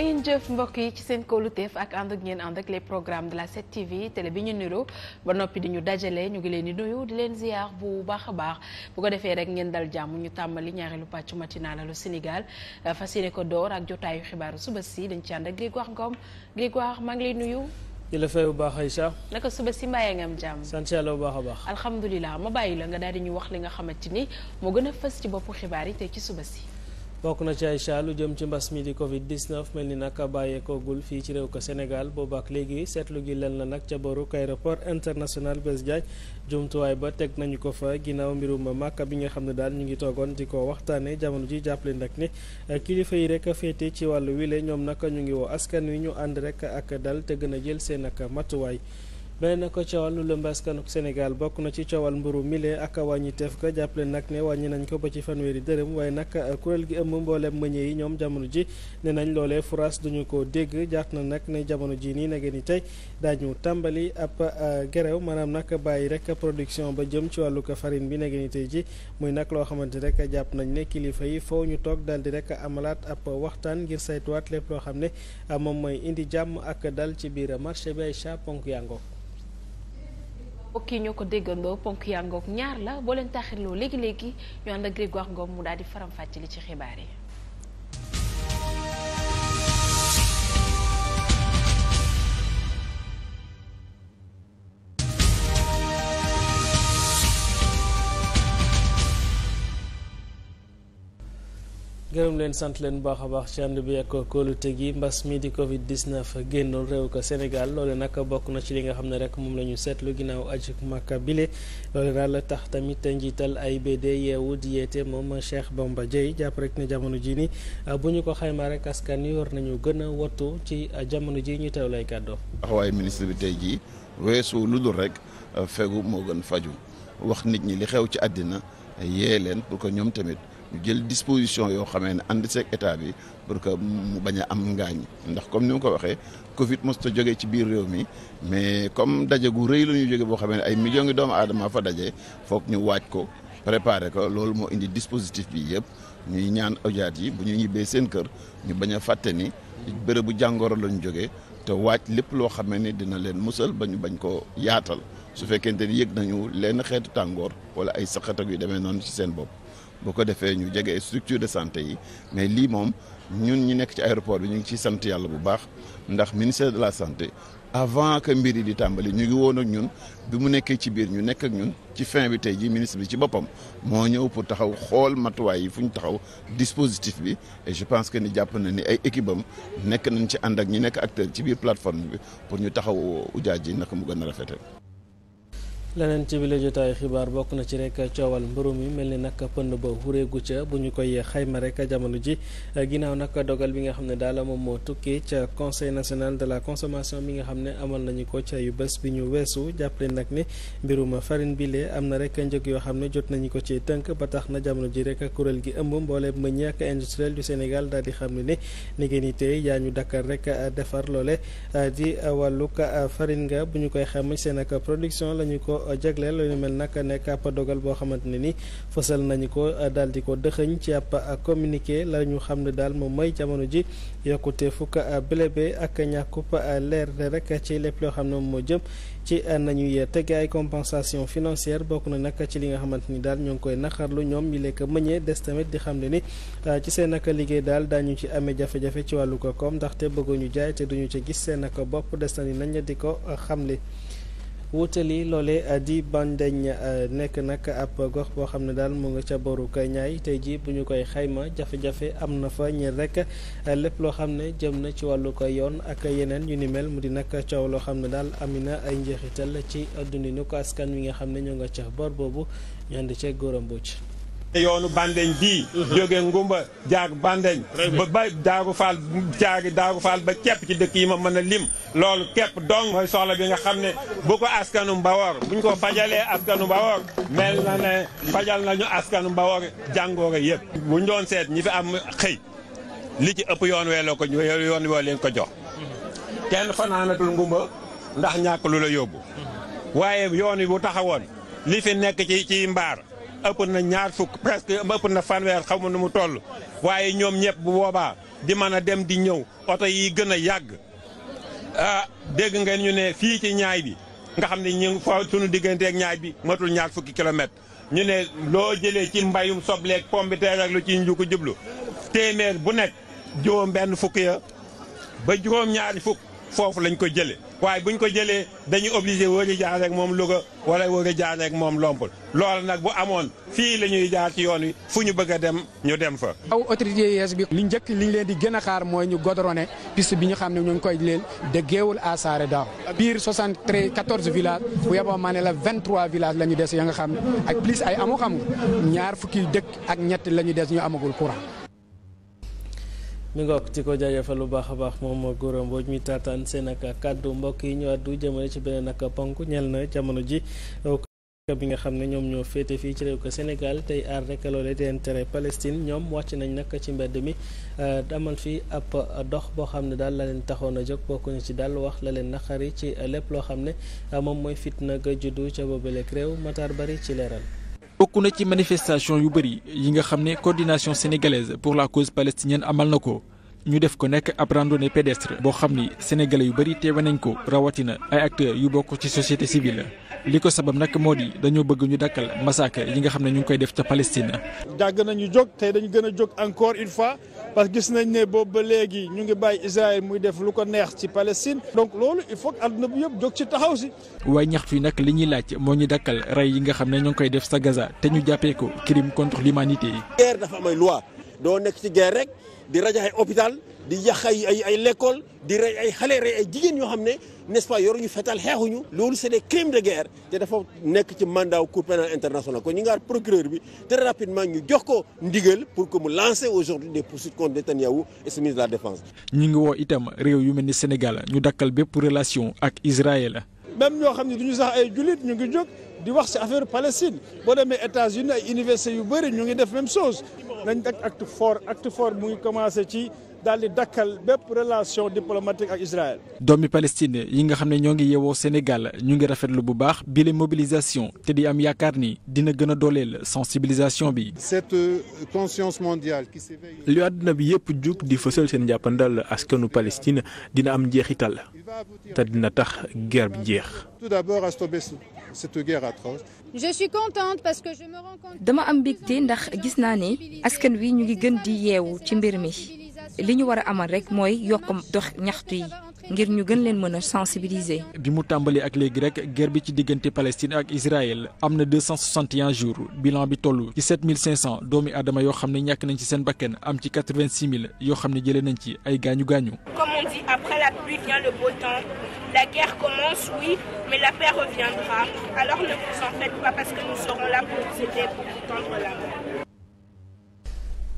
jërë ngeen jëf mbokk yi ci seen kóoluteef ak ànd ak ngeen ànd ak les programme de la 7TV télé bi ñu niroo ba noppi di ñu dajale ñu ngi leen di nuyu di leen ziar bu baax a baax bu ko defee rek ngeen dal jàmm ñu tàmbali ñaareelu pàccu matinal lu Sénégal euh, fas yéene ko door ak jotaayu xibaaru suba si dañ ci ànd ak Grégoire Ngom Grégoire maa ngi lay nuyu. jële fay bu baax Aïcha naka suba si mbàyyee nga am jàmm sant yàlla bu baax a baax alhamdulilah ma bàyyi la nga daal di wax li nga xamante ni moo gën a fës ci boppu xibaar yi tey ci suba si bokk na ci ay cas lu jëm ci mbas mi di Covid 19 mel ni nag bàyyeekoogul fii ci réew ko Sénégal boobaak léegi seetlu gi leen la nag ca boru aéroport international Blaise Diagne jumtuwaay ba teg nañu ko fa ginnaaw mbirum màkka bi nga xam ne daal ñu ngi toogoon di ko waxtaanee jamono ji jàppale nag ni eh, kilifa yi rek féete ci wàll wile ñoom nag ñu ngi woo askan wi ñu ànd rek ak dal te gën a jël seen ak matuwaay. beneen na ko ca wàllu lëmb askanu Sénégal bokk na ci coowal mburu mile ak wàññi teef ga jàppale nag ne wàññi nañ ko ba ci fanweeri dërëm waaye nag uh, kuréel gi ëmb mboolem mëñee yi ñoom jamono ji ne nañ loolee furaas duñu ko dégg jaat na nag ne jamono ji nii nageen ni tey daañu tàmbali ab uh, gerew maanaam nag bàyyi rek production ba jëm ci wàllu ko farine bi nageen ni tey ji muy nag loo xamante rek jàpp nañ ne kilifa yi fow ñu toog daal di rek amalaat ab waxtaan ngir saytuwaat lépp loo xam ne uh, moom mooy indi jàmm ak dal ci biir marché bi ay ponk yango mbokk yi ñoo ko déggandoo ponk yaa ngoog ñaar la boo leen taxirloo léegi léegi ñu ànd ak Grégoire Ngom mu daal di faram-fàcce li ci xibaar yi. gërëm leen sant leen bu a baax ci ànd bi ak kóolute gi mbas mi di Covid 19 génnoon réew ko Sénégal loole nag bokk na ci li nga xam ne rek moom la ñu seetlu ginnaaw aju Makka bile loole a la tax tamit njiital ay AIBD yeewu di yeete moom Cheikh Bamba Dièye jàpp rek ne jamono ji ni bu ñu ko xaymaa rek askan yi war nañu gën a wattu ci jamono ji ñu teew lay kàddoo. taxawaayu ministre bi tey jii weesu lu dul rek fegu moo gën faju wax nit ñi li xew ci àddina yee ñoom tamit. ñu jël disposition yoo xamee ne ànd seeg état bi pour que mu bañ a am ngaañ ndax comme ni mu ko waxee Covid mos ta jógee ci biir réew mi mais comme daje gu rëy la ñuy jóge boo xamee ne ay million ngi doomu aadama fa daje foog ñu waaj ko préparer ko loolu moo indi dispositif bii yëpp ñuy ñaan ojaat yi bu ñu ñibbee seen kër ñu bañ a fàtte ni bërëbu jàngoro lañ jógee te waaj lépp loo xamee ni dina leen musal ba ñu bañ ko yaatal su fekkente ni yëg nañu lenn xeetu tàngoor wala ay saxatak yu demee noonu ci seen bopp boo ko defee ñu jege structure de santé yi mais lii moom ñun ñu nekk ci aéroport bi ñu ngi ciy sant yàlla bu baax ndax ministère de la santé avant que mbir yi di tàmbali ñu ngi woon ak ñun bi mu nekkee ci biir ñu nekk ak ñun ci fin bi tey ji ministre bi ci boppam moo ñëw pour taxaw xool matuwaay yi fu ñu taxaw dispositif bi et je pense que ni jàpp na ni ay équipe am nekk nañ ci ànd ak ñi nekk acteur ci biir plateforme bi pour ñu taxaw ujaaj ji naka mu gën a rafetee leneen ci bile jotaay xibaar bokk na ci rek coowal mburu mi mel ni nag pënd ba wureegu ca bu ñu koy xayma rek jamono ji ginnaaw nag dogal bi nga xam ne daal moom moo tukkee ca conseil national de la consommation bi nga xam ne amal nañu ko ca yu bés bi ñu weesu jàppale nag ne mbirum farine bile am na rek njëg yoo xam ne jot nañu ko ci tënk ba tax na jamono ji rek kuréel gi ëmb mbooleem meññ ak industriel du Sénégal daal di xam ne ne ni tey yaa ñu dakkal rek defar loole di wàllug farine nga bu ñu koy xam seen ak production lañu ko. ko jagleel lu mel nag ne ab dogal boo xamante ne ni fësal nañu ko daal di ko dëxëñ ci ab communiqué la ñu xam ne daal moom may jamono ji yokkute fukk blebe ak ñàkkub leer rek ci lépp loo xam ne moom moo jëm ci nañuy tege ay compensation financière bokk na nag ci li nga xamante ni daal ñoo ngi koy naqarlu ñoom yi lekk mëñee des tamit di xam ne ni ah, ci seen naka liggéey daal daañu ci amee jafe-jafe ci wàllu ko koom ndaxte bëgguñu jaay te duñu ci gis seen naka bopp des na ni nañ di ko xamle wutali loolee eh, di Bandeñ eh, nekk nag ab gox boo xam ne daal mu nga ca boru ñaay tey jii bu ñu koy xayma jafe-jafe am na fa ñi rek eh, lépp loo xam ne jëm na ci wàllu ko yoon ak yeneen yu ni mel mu di nag coow loo xam ne daal amina ay njeexital ci dundinu ko askan wi nga xam ne ñoo nga ca bor boobu ñu ànd ceeg góoram ci yoonu bandeñ bii mhm. jóge ngumba jaag bandeñ ba ba jaagu faal jaagi daagu faal ba cepp ci dëkk yi ma mën a lim loolu képp dong mooy soxla bi nga xam ne bu ko askanu mbawoor buñ ko fajalee askanu mbawoor mel na ne fajal nañu askanu mbawoor jàngooro yëpp buñ doon seet ñi fi am xëy li ci ëpp yoon wee la ko yoon woo leen ko jox kenn fanaanatul ngumba ndax ñàkk lu la yóbbu mhm. waaye yoon wi bu taxawoon li fi nekk ci ci mbaar ëpp na ñaar fukk presque ëpp na fanweer xaw ma nu mu toll waaye ñoom ñëpp bu boobaa di mën a dem di ñëw oto yi gën a yàgg ah dégg ngeen ñu ne fii ci ñaay bi nga xam ne ñu fa sunu digganteeg ñaay bi matul ñaar fukki kilomètre ñu ne loo jëlee ci mbayum sobleeg pombiteer lu ci njuko jublu téeméer bu nekk juróom benn fukk ya ba juróom ñaari fukk foofu lañ ko jëlee waaye bu ñu ko jëlee dañu obligé war a jaar moom Louga wala war a jaar moom Lompul loolu nag bu amoon fii la ñuy jaar ci yoon wi fu ñu bëgg a dem ñu dem fa. aw autorité yees bi li njëkk li ñu leen di gën a xaar mooy ñu godrone piste bi ñu xam ne ñu ngi koy leen de Géewul à Saare Daaw biir 73 14 villages bu maa ne la 23 villages la ñu des ya nga xam ne ak plus ay amu xam ñaar fukki dëkk ak ñett la ñu des ñu amagul courant. mi nga ok ci ko jaajëfal lu baax a baax moom goro Mbodj mi taataan seen kàddu mbokk yi ñu du jëmale ci beneen ak ponk ñel na jamono ji bi nga xam ne ñoom ñoo féete fii ci réew ko senegal tey aar rek loolee di intérêt Palestine ñoom wàcc nañ nag ci mbedd mi damal euh, fii ab dox boo xam ne daal la leen taxoon a jóg bokk na ci daal wax la leen naqari ci lépp loo xam ne moom mooy fitna ga juddu ca boobeeleeg réew Matar Bari ci leeral bokk na ci manifestation yu bëri yi nga xam ne coordination sénégalaise pour la cause palestinienne amal na ko ñu def ko nekk ab randonnée pédestre boo xam ni sénégale yu bëri teewe nañ ko rawatina ay acteurs yu bokk ci société civile li ko sabab nag moo di dañoo bëgg ñu dakkal massacre yi nga xam ne ñu ngi koy def ca Palestine. dàgg nañu jóg tey dañu gën a jóg encore une fois parce que gis nañ ne boobu ba léegi ñu ngi bàyyi Israël muy def lu ko neex ci Palestine donc loolu il faut que àdduna bi yëpp jog ci taxaw si. waaye ñax yi nag li ñuy laaj moo ñu dakkal rey yi nga xam ne ñoo ngi koy def sa Gaza te ñu jàppee ko crime contre l'humanité yi. guerre dafa am ay loi doo nekk ci guerre rek di rajaxe hôpital. di yàq ay ay ay di rey ay xale rey ay jigéen yoo xam ne n'est-ce pas yoruñu fetal xeexuñu loolu c'est des crimes de guerre te dafa nekk ci mandat cour pénale internationale ko ñu ngi procureur bi très rapidement ñu jox ko ndigal pour que mu lancer aujourd'hui des poursuites contre Netanyahou et ce ministre de la défense. ñu ngi woo itam réew yu mel ni Sénégal ñu dakkal bépp relation ak Israël. même ñoo xam ne duñu sax ay jullit ñu ngi jóg di wax ci affaire Palestine boo demee États-Unis yu bëri ñu ngi def même chose nañ def acte fort acte fort mu ngi commencé ci. daal di dakkal bépp relation diplomatique ak Israël. doomi Palestine yi nga xam ne ñoo ngi yeewoo Sénégal ñu ngi rafetlu bu baax bile mobilisation te di am yaakaar ni dina gën a dooleel sensibilisation bi. cette conscience mondiale qui s'éveille. lu àdduna bi yëpp jug di fësal seen jàppandal askanu Palestine dina am njeexital te dina tax guerre bi jeex. tout d'abord à stopper cette guerre atroce. je suis contente dama am mbégte ndax gis naa ni askan wi ñu ngi gën di yeewu ci mbir mi. li ñu war a amal rek mooy yokk dox ñaxtu yi ngir ñu gën leen mën a sensibiliser. bi mu tàmbali ak léegi rek guerre bi ci diggante Palestine ak Israël am na 261 jours bilan bi toll ci 7500 doomi aadama yoo xam ne ñàkk nañ ci seen bakken am ci 86000 yoo xam ne jëlee nañ ci ay gaañu gaañu. comme on dit après la pluie vient le beau temps la guerre commence oui mais la paix reviendra alors ne vous en faites pas parce que nous serons là pour vous pour vous tendre la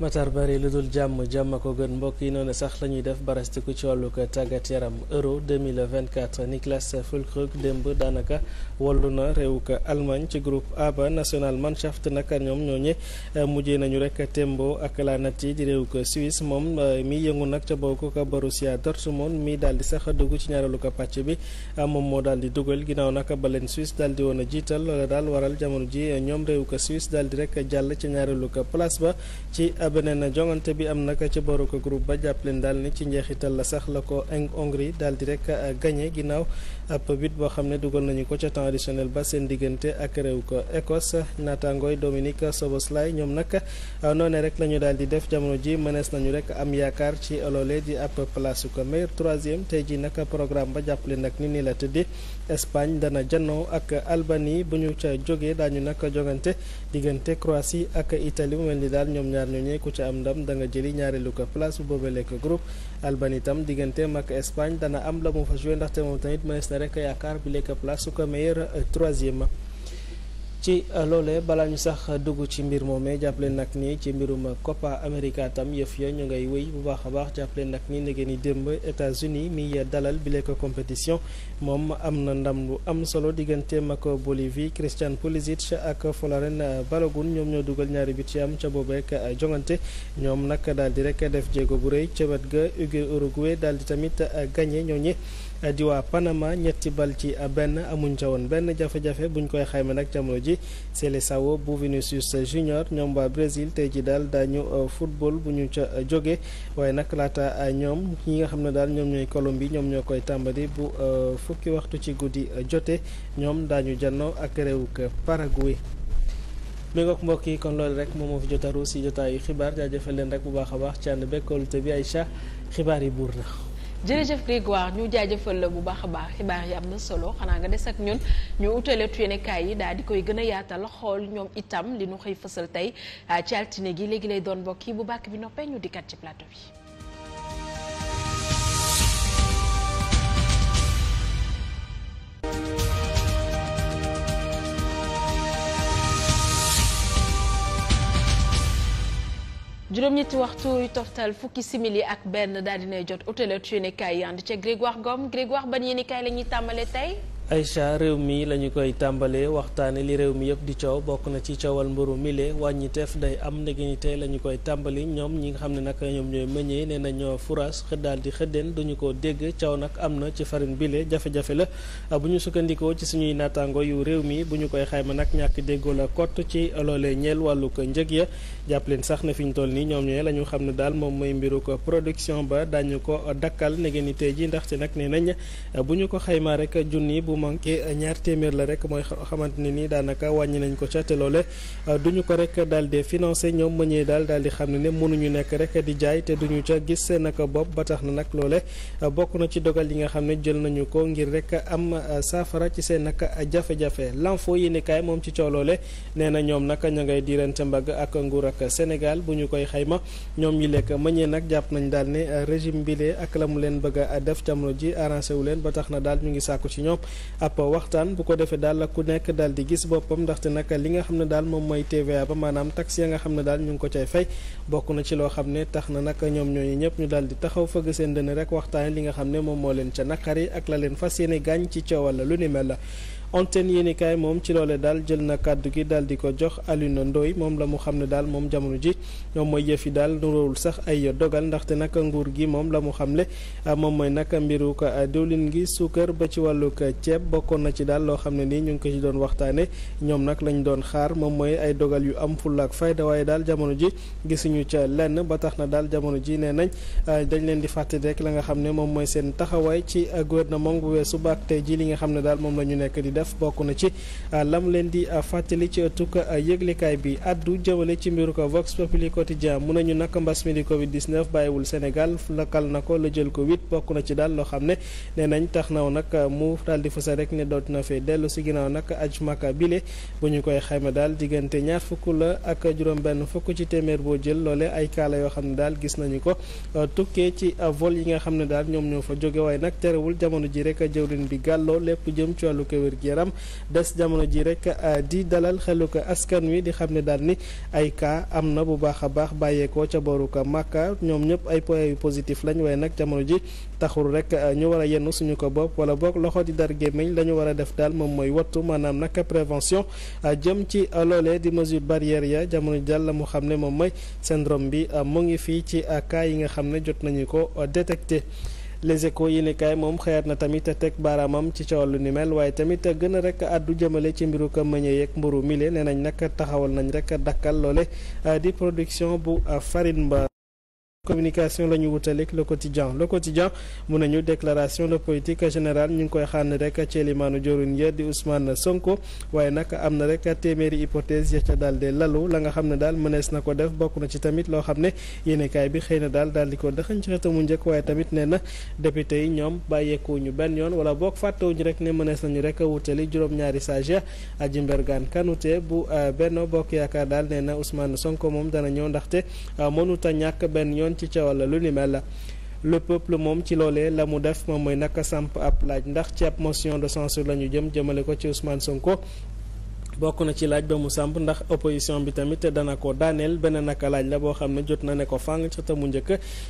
Matar bari lu dul jàmm jàmm ko gën mbokk yi noonu sax la ñuy def barastiku ci wàllu ko tàggat yaram euro 2024 Niklas Füllkrug démb daanaka wallu na réew ko Allemagne ci groupe A ba national Mannschaft nag ñoom ñoo ñe eh, mujjee nañu rek tembo ak la nat yi di réew ko Suisse moom eh, mi yëngu nag ca bokk ko Borussia Dortmund mi daal di sax dugg ci ñaareelu ko pàcc bi ah, moom moo daal di dugal ginnaaw nag ba leen Suisse daal di a jiital loola daal waral jamono ji eh, ñoom réew ko Suisse daal di rek jàll ci ñaareelu ko ba ci beneen jongante bi am naka ca boru ko groupe ba jàpp leen daal ni ci njeexital la sax la ko Hongrie daal di rek euh, gagné ginnaaw ab but boo xam ne dugal nañu ko ca temps additionnel ba seen diggante ak réew ko Écosse naataangooy Dominique Soboslay ñoom nag ah, noonee rek la ñu daal di def jamono ji mënees nañu rek am yaakaar ci loole di ab place ko meilleur troisième tey ji nag programme ba jàppale nag ni ni la tëddi Espagne dana jannoo ak Albanie bu ñu ca jógee daañu nag jogante diggante Croatie ak Italie mu mel ni daal ñoom ñaar ñoo ku ca am ndam da nga jëli ñaareelu ko place bu boobee lekk groupe Albanie itam digganteem ak la rek yaakaar bi lekk place su ko meilleur euh, troisième ci euh, loolee balaa ñu sax dugg ci mbir moomee jàppale nag ni ci mbirum Copa America tam yëf ya ñu ngay wéy bu baax a baax jàppale nag ni negeen ni démb États-Unis mi dalal bi lekk compétition moom am na ndam lu am solo digganteem ak Bolivie Christian Pulisic ak Floren Balogun ñoom ñoo dugal ñaari bit ci am ca boobeek rek euh, jongante ñoom nag daal di rek def jéego bu rëy ca wet ga Uruguay daal di tamit gagné ñooñu. di waa Panama ñetti bal ci benn amuñ ca woon benn jafe-jafe buñ koy xayma nag jamono ji Seleção bu Vinicius Junior ñoom waa Brésil tey ji daal daañu euh, football bu ñu ca euh, jóge waaye nag laata euh, ñoom ñi nga xam ne daal ñoom ñooy Colombie ñoom ñoo koy tàmbali bu fukki waxtu ci guddi jote ñoom daañu jannoo ak réewuk Paraguay mi ngoog mbokk yi kon loolu rek moom moo fi jotaru si jotaayu xibaar jaajëfal leen rek bu baax a baax ci ànd bekkoolute bi Aïcha xibaar yi buur jërëjëf Grégoire ñu jaajëfal la bu baax a baax xibaar yi am na solo xanaa nga des ak ñun ñu utale tuyénekaay yi daal di koy gën a yaatal xool ñoom itam li nu xëy fësal tey ah, ci altine gi léegi lay doon mbokk yi bu bàkk bi noppee ñu dikkat ci plateau bi juróom-ñetti waxtu yu toftal fukki simili ak benn daal dinay jot autolot yéenekaay yi ànd ca Grégoire Gomme Grégoire ban yéenekaay la ñuy tàmbale tey Aïcha réew mi la ñu koy tàmbalee waxtaane li réew mi yëpp di coow bokk na ci coowal mburu mile wàññi teef day am ndeginite la ñu koy tàmbali ñoom ñi nga xam ne nag ñoom ñooy meññee nee na ñoo furaas daal di xëddeen duñu ko dégg coow nag am na ci farine bile jafe-jafe la ah, bu ñu sukkandikoo ci suñuy naataango yu réew mi bu ñu koy xayma nag ñàkk déggoo la kott ci loolee ñeel wàllu ko njëg ya jàpp leen sax na fi ñu toll nii ñoom ñooy la ñu xam ne daal moom mooy mbiru ko production ba daañu ko dakkal ndeginite manqué ñaar téeméer la rek mooy xamante ne nii daanaka wàññi nañ ko ca te loole duñu ko rek daal di financé ñoom mëñee daal daal di xam ne ne mënuñu nekk rek di jaay te duñu ca gis seen ak bopp ba tax na nag loole bokk na ci dogal yi nga xam ne jël nañu ko ngir rek am euh, saafara ci seen ak jafe-jafe l'info yi moom ci cooloole loole nee na ñoom nag ña ngay diirante mbagg ak nguur ak Sénégal bu ñu koy xayma ñoom yi lekk mëñee nag jàpp nañ daal ne régime bile ak la mu leen bëgg a def jamono ji arrangé wu leen ba tax na daal ñu ngi sàkku ci ñoom ab waxtaan bu ko defee daal ku nekk daal di gis boppam ndaxte nag li nga xam ne daal moom mooy TVA ba maanaam taxe ya nga xam ne daal ñu ngi ko cay fay bokk na ci loo xam ne tax na nag ñoom ñooñu ñëpp ñu daal di taxaw fëgg seen dënn rek waxtaane li nga xam ne moom moo leen ca naqari ak la leen fas yéene gaañ ci coowal la lu ni mel la antenne yéenekaay moom ci loole daal jël na kàddu gi daal di ko jox Alioune Ndoye moom la mu xam ne daal moom jamono ji moom mooy yëf yi daal nuróowul sax ay dogal ndaxte nag nguur gi moom la mu xamle moom mooy nag mbiru ko diwlin gi suukar ba ci wàllug ceeb bokkoon na ci daal loo xam ne nii ñu ngi ko ci doon waxtaane ñoom nag lañ doon xaar moom mooy ay dogal yu am fulla ak fayda waaye daal jamono ji gisuñu ca lenn ba tax na daal jamono ji nee nañ euh, dañ leen di fàttali rek la nga xam ne moom mooy seen taxawaay ci gouvernement bu weesu baak tey ji li nga xam ne moom la ñu nekk di def def bokk na ci euh, lam leen di euh, fàttali ci ëttuk euh, yëglekaay bi addu jëmale ci mbiru ko Vox Populi quotidien mun nañu nag mbas mi di Covid 19 bàyyiwul Sénégal lakal na ko la jël ko huit bokk na ci daal loo xam ne nee nañ tax naw nag mu daal di fësal rek ne dootu na fee dellu si ginnaaw nag aj maka bile bu ñu koy xayma daal diggante ñaar fukk la ak juróom-benn fukk ci téeméer boo jël loole ay kaala yoo xam ne daal gis nañu ko tukkee ci vol yi nga xam ne daal ñoom ñoo fa jóge waaye nag terewul jamono ji rek jëwrin bi gàlloo lépp jëm ci wàllu yaram des jamono ji rek euh, di dalal xelu ko askan wi di xam ne daal ni ay cas am na bu baax a baax bàyyeekoo ca booru ko Màkka ñoom ñëpp ay point yu positif lañ waaye nag jamono ji taxul rek euh, ñu war a yenn suñu ko bopp wala boog loxo di dar gémmiñ la ñu war a def daal moom mooy wattu maanaam nag prévention euh, jëm ci loolee di mesure barrière ya jamono ji daal la xam ne moom mooy syndrome bi mu ngi fii ci cas yi nga xam ne jot nañu ko détecté les échos yéeni kaay moom xëyaat na tamit a teg baaraamam ci ca wàllu ni mel waaye tamit gën a rek addu jëmale ci mbiru ko mëñee yeeg mburu mile nee nañ nag taxawal nañ rek dakkal loole di production bu farine ba communication la ñu wutaleeg le quotidien le quotidien mun nañu déclaration de politique générale ñu ngi koy xànn rek ci limaanu jorun ya di Ousmane Sonko waaye nag am na rek téeméeri hypothèse ya ca daal de lalu la nga xam ne daal mënees na ko def bokk na ci tamit loo xam ne yéenekaay bi xëy na daal daal di ko dëxañ ci xetamu njëkk waaye tamit nee na député yi ñoom bàyyeekoo ñu benn yoon wala boog fàttewuñu rek ne mënees nañu rek wutali juróom-ñaari sage ya Adji Mbergane Kanouté bu eh, Benno Bokk Yaakaar daal nee na Ousmane Sonko moom dana ñëw ndaxte eh, ci ca wala lu ni mel le peuple moom ci loolee la mu def moom mooy naka samp ab laaj ndax ci ab motion de censure la ñu jëm jëmale ko ci Ousmane Sonko bokk na ci laaj ba mu sàmp ndax opposition bi tamit dana ko daaneel beneen naka laaj la boo xam ne jot na ne ko fàng ca mu njëkk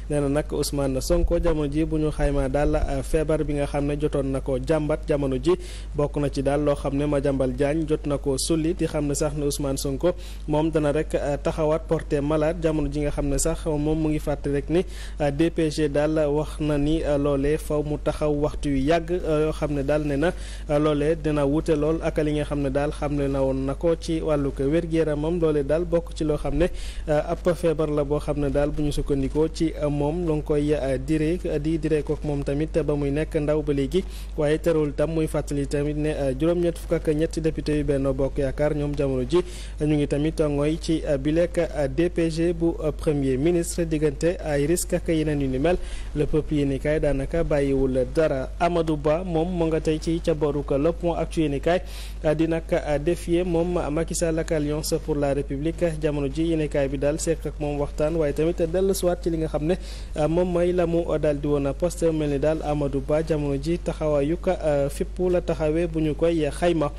nee na nag Ousmane Sonko jamono ji bu ñu xaymaa daal euh, feebar bi nga xam ne jotoon na ko jàmbat jamono ji bokk na ci daal loo xam ne Madiambal Diagne jot na ko sulli di xam ne sax ne Ousmane Sonko moom dana rek euh, taxawaat porté malaat jamono ji nga xam ne sax moom mu ngi fàtte rek ni euh, DPG daal wax na ni loole faw mu taxaw waxtu yu yàgg yoo xam ne daal ne na loolee dana wute lool ak li nga xam ne daal xam na woon na ko ci wàllu ko wér-gu-yaramam loolee daal bokk ci loo xam ne euh, ab feebar la boo xam ne daal bu ñu sukkandikoo ci euh, moom la nga koy euh, dire di dire kook moom tamit ba muy nekk ndaw ba léegi waaye terewul tam muy fàttali tamit ne juróom-ñett fukk ak ñetti député yu Benno Bokk Yaakaar ñoom jamono ji ñu ngi tamit ngooy ci bilek DPG bu premier ministre diggante ay risque ak yeneen yu ni mel le peuple yéenekaay daanaka bàyyiwul dara amadu Ba moom mu nga tey ci ca boru Le qualifié moom ma Macky Sall ak Alliance pour la République jamono ji yéenekaay bi daal seq ak moom waxtaan waaye tamit dellusiwaat ci li nga xam ne euh, moom mooy la mu daal di woon poste mel ni daal Amadou Ba jamono ji taxawaayu ka euh, fippu la taxawee bu ñu koy xayma.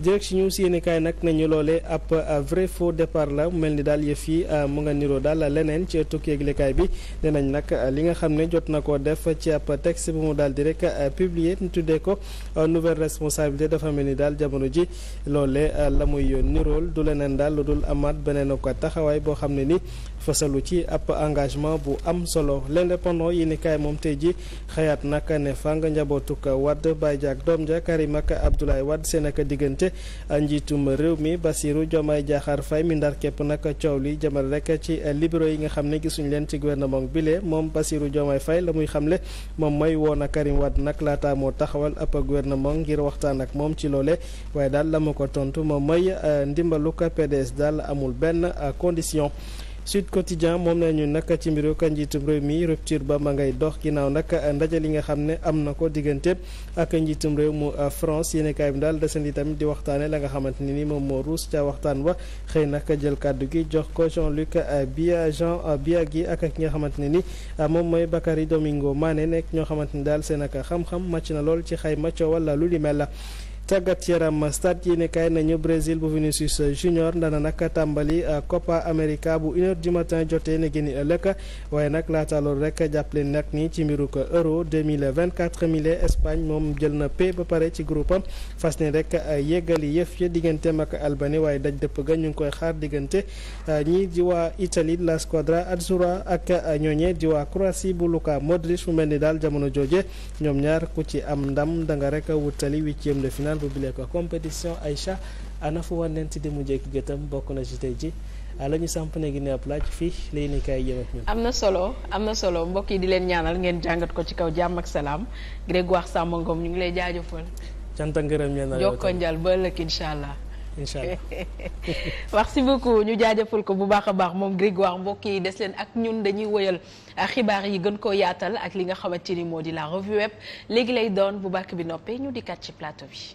direct si ñëw si yéen nag nañu loolee ab euh, vrai faux départ la mel ni daal yëf yi euh, mu nga niroo daal leneen ci tukki yëglekaay bi nee nañ nag euh, li nga xam ne jot na ko def ci ab texte bu mu daal di rek publier ñu tuddee ko nouvelle responsabilité dafa mel ni daal jamono ji loolee la muy nirool du leneen daal lu dul amaat beneen ko taxawaay boo xam ne nii fësalu ci ab engagement bu am solo l'indépendant yi ni moom tey ji xëyaat naka ne fang njabootuk Wade Baye Diack doom ja Karim ak Abdoulaye Wade seen ak diggante njiitum réew mi Bassirou Diomaye Diakhar fay mi ndar képp nag coow li jëmal rek ci libéraux yi nga xam ne gisuñu leen ci gouvernement bile moom Bassirou Diomaye fay la muy xamle moom may woon a Karim Wade nag laata moo taxawal app gouvernement ngir waxtaan ak moom ci loole waaye daal la ma ko tontu moom mooy eh, ndimbalu PDS daal amul benn eh, condition Sud Quotidien moom nañu nag ci mbiru ka njiitum réew mi rupture ba ma ngay dox ginnaaw nag ndaje li nga xam ne am na ko diggante ak njiitum réew mu France yéen kaay bi daal desandi tamit di waxtaane la nga xamante ne ni moom moo ruus ca waxtaan wa xëy nag jël kàddu gi jox ko Jean-Luc Bia Jean Bia gi ak ki nga xamante ne ni moom mooy Bakary Domingo Mané nekk ñoo xamante ni daal seen ak xam-xam màcc na lool ci xayma coowal lu li mel la tàggat yaram stade yéene kaay nañu Brésil bu Vinicius Junior dana nag tàmbali euh, Copa America bu une heure du matin jotee na génn ëllëg waaye nag laata loolu rek jàppale nag ni ci mbiru ko euro 2024 mile Espagne moom jël na p ba pare ci groupe fas ni rek euh, yeggali yëf ya digganteem ak Albanie waaye daj dëpp ga ñu ngi koy xaar diggante euh, ñi di waa Italie la Squadra Azzurra ak ñooñee di waa Croatie bu Luka Modric mu mel ni daal jamono jooje ñoom ñaar ku ci am ndam da rek wutali huitième naan bu bile ko compétition Aïcha ana fu wanneen si demu jekk gëtam bokk na ci tey ji ah, la ñu samp ne gi ne ab laaj fii lay ni kaay yëm ak am na solo am na solo mbokk yi di leen ñaanal ngeen jàngat ko ci kaw jàmm ak salaam Grégoire Samba Ngom ñu ngi lay jaajëfal canta ngërëm ñenn jokkoo njal ba ëllëg incha allah incha allah merci beaucoup ñu jaajëfal ko bu baax a baax moom Grégoire mbokk yi des leen ak ñun dañuy woyal ah, xibaar yi gën koo yaatal ak li nga xamante ni moo di la revue web léegi lay doon bu bàkk bi noppee ñu dikkaat ci plateau bi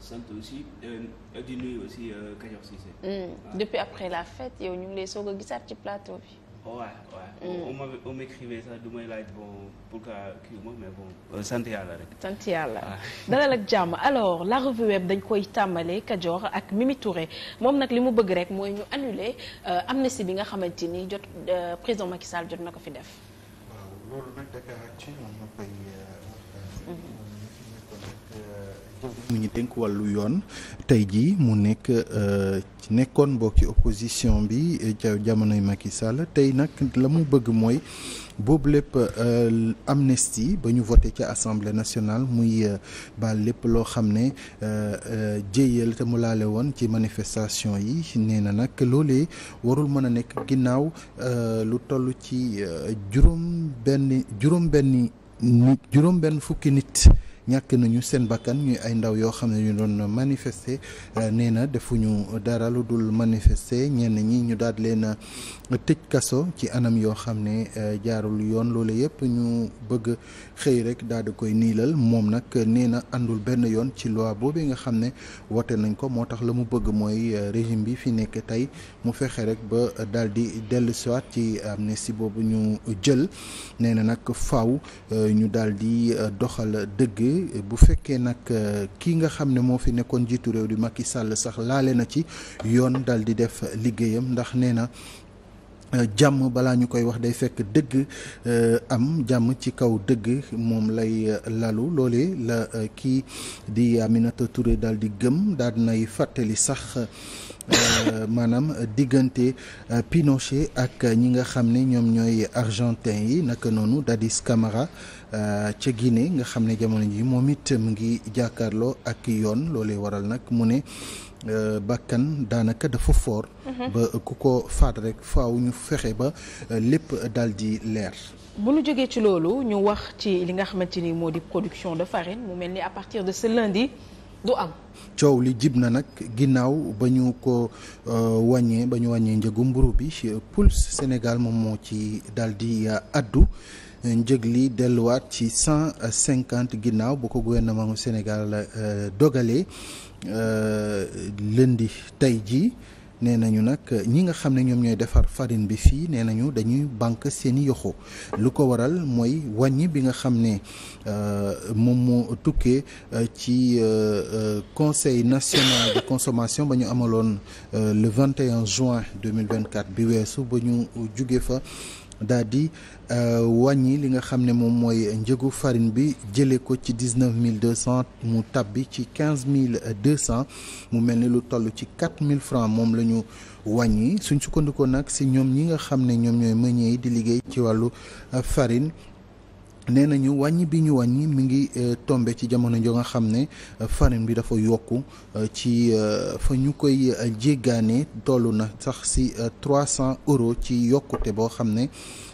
sant aussi euh, di aussi euh, Kajoor mm. depuis après la fête yow ñu ngi lay soog a gisaat ci plateau bi. waaw waaw. Mm. on m'écrivait sax du may laaj bon pourquoi kii euh, yàlla ah. dalal ak jàmm alors la revue web dañ koy tàmbalee Kajoor ak Mimi moom nag li mu bëgg rek mooy ñu annuler amnistie bi nga xamante ni jot président Macky Sall jot na ko fi def. mu ñu dénk wàllu yoon tey jii mu nekk ci euh, nekkoon ci opposition bi euh, ca jamonoy Macky Sall tey nag la mu bëgg mooy boobu lépp euh, amnistie ba ñu voté ci assemblée nationale muy baal lépp loo xam ne jéyal te mu laale woon ci manifestation yi nee na nag loolee warul mën a nekk ginnaaw lu toll ci juróom juróom benni juróom benn fukki nit ñàkk nañu seen bakkan ñuy ay ndaw yoo xam ne ñu doon manifester euh, nee na defuñu dara lu dul manifester ñenn ñi ñu daal leen a euh, tëj kaso ci anam yoo xam ne euh, jaarul yoon loolu yëpp ñu bëgg. xëy rek daal di koy niilal moom nag nee na àndul benn yoon ci loi boobee nga xam ne woote nañ ko moo tax la mu bëgg mooy euh, régime bi fi nekk tey mu fexe rek ba daal di dellu siwaat ne amnistie boobu ñu jël nee na nag faaw euh, ñu daal di euh, doxal dëgg bu fekkee nag kii nga xam ne moo fi nekkoon jiitu réew di yi sàll sax laale na ci yoon daal di def liggéeyam ndax nee na Euh, jàmm balaa ñu koy wax day fekk dëgg euh, am jàmm ci kaw dëgg moom lay euh, lalu loole la kii di Aminata Touré daal di gëm daal nay fàttali sax maanaam diggante Pinochet ak ñi nga xam ne ñoom ñooy argentin yi naka noonu Dadis Camara ca Guinée nga xam ne jamono ji moom it mu ngi jàkkaarloo ak yoon loolee waral nag mu ne Euh, bakkan daanaka dafa fort. Mhm. ba ku ko faat rek faw ñu fexe ba euh, lépp daal di leer. bu ñu jógee ci loolu ñu wax ci li nga xamante ni moo di production de farine mu mel ni à partir de ce lundi du am. coow li jib na nag ginnaaw ba ñu ko euh, wàññee ba ñu wàññee njëgu mburu bi Pulse Sénégal moom moo ci daal di addu njëg li delluwaat ci cent cinquante ginnaaw bu ko gouvernement Sénégal dogalee. Euh, lundi tey jii nee nañu nag ñi nga xam ne ñoom ñooy defar farine bi fii nee nañu dañuy banque seeni yoxo lu ko waral mooy wàññi bi nga xam ne euh, moom moo tukkee euh, ci conseil national de consommation ba ñu amaloon le 21 juin 2024 bi weesu ba ñu jóge fa daal di euh, wàññi li nga xam ne moom mooy njëgu farine bi jëlee ko ci dix mille deux cent mu tabbi ci quinze mille deux cent mu mel ni lu toll ci quatre mille francs moom la ñu wàññi suñ sukkandiku nag si ñoom ñi nga xam ne ñoom ñooy meññee di liggéey ci wàllu euh, farine. nee nañu wàññi bi ñu wàññi mu ngi euh, tombe ci jamono jo nga xam ne euh, farine bi dafa yokku euh, ci fa ñu koy jéggaane tollu na sax si trois cent euros ci yokkute boo xam ne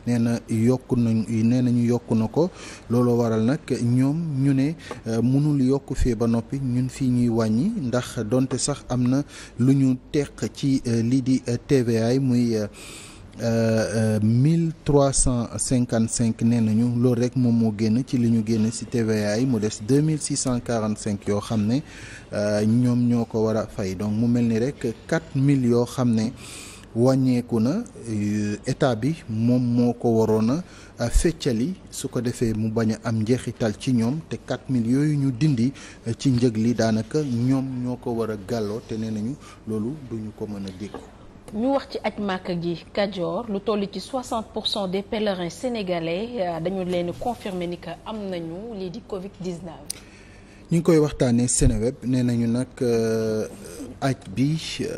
nee na yokku nañ nee nañu yokk na ko looloo waral nag ñoom ñu ne mënul yokk fee ba noppi ñun fii ñuy wàññi ndax donte sax am na lu ñu teq ci lii di TVA muy mille trois cent cinquante cinq nee nañu loolu rek moom moo génn ci li ñu génn ci TVA yi mu des deux mille six cent quarante cinq yoo xam ne euh, ñoom ñoo ko war a fay donc mu mel ni rek quatre mille yoo xam ne wàññeeku na euh, état bi moom moo ko waroon a euh, feccali su ko defee mu bañ a am njeexital ci ñoom te 4000 yooyu ñu dindi ci njëg li daanaka ñoom ñoo ko war a gàlloo te nee nañu loolu duñu ko mën a dékku ñu wax ci aj màkk gi Kajoor lu toll ci 60 pour cent des pèlerins sénégalais euh, dañu leen confirmer ni que am nañu lii di Covid 19. ñu ngi koy waxtaanee Seneweb nee nañu nag euh, aj bi euh,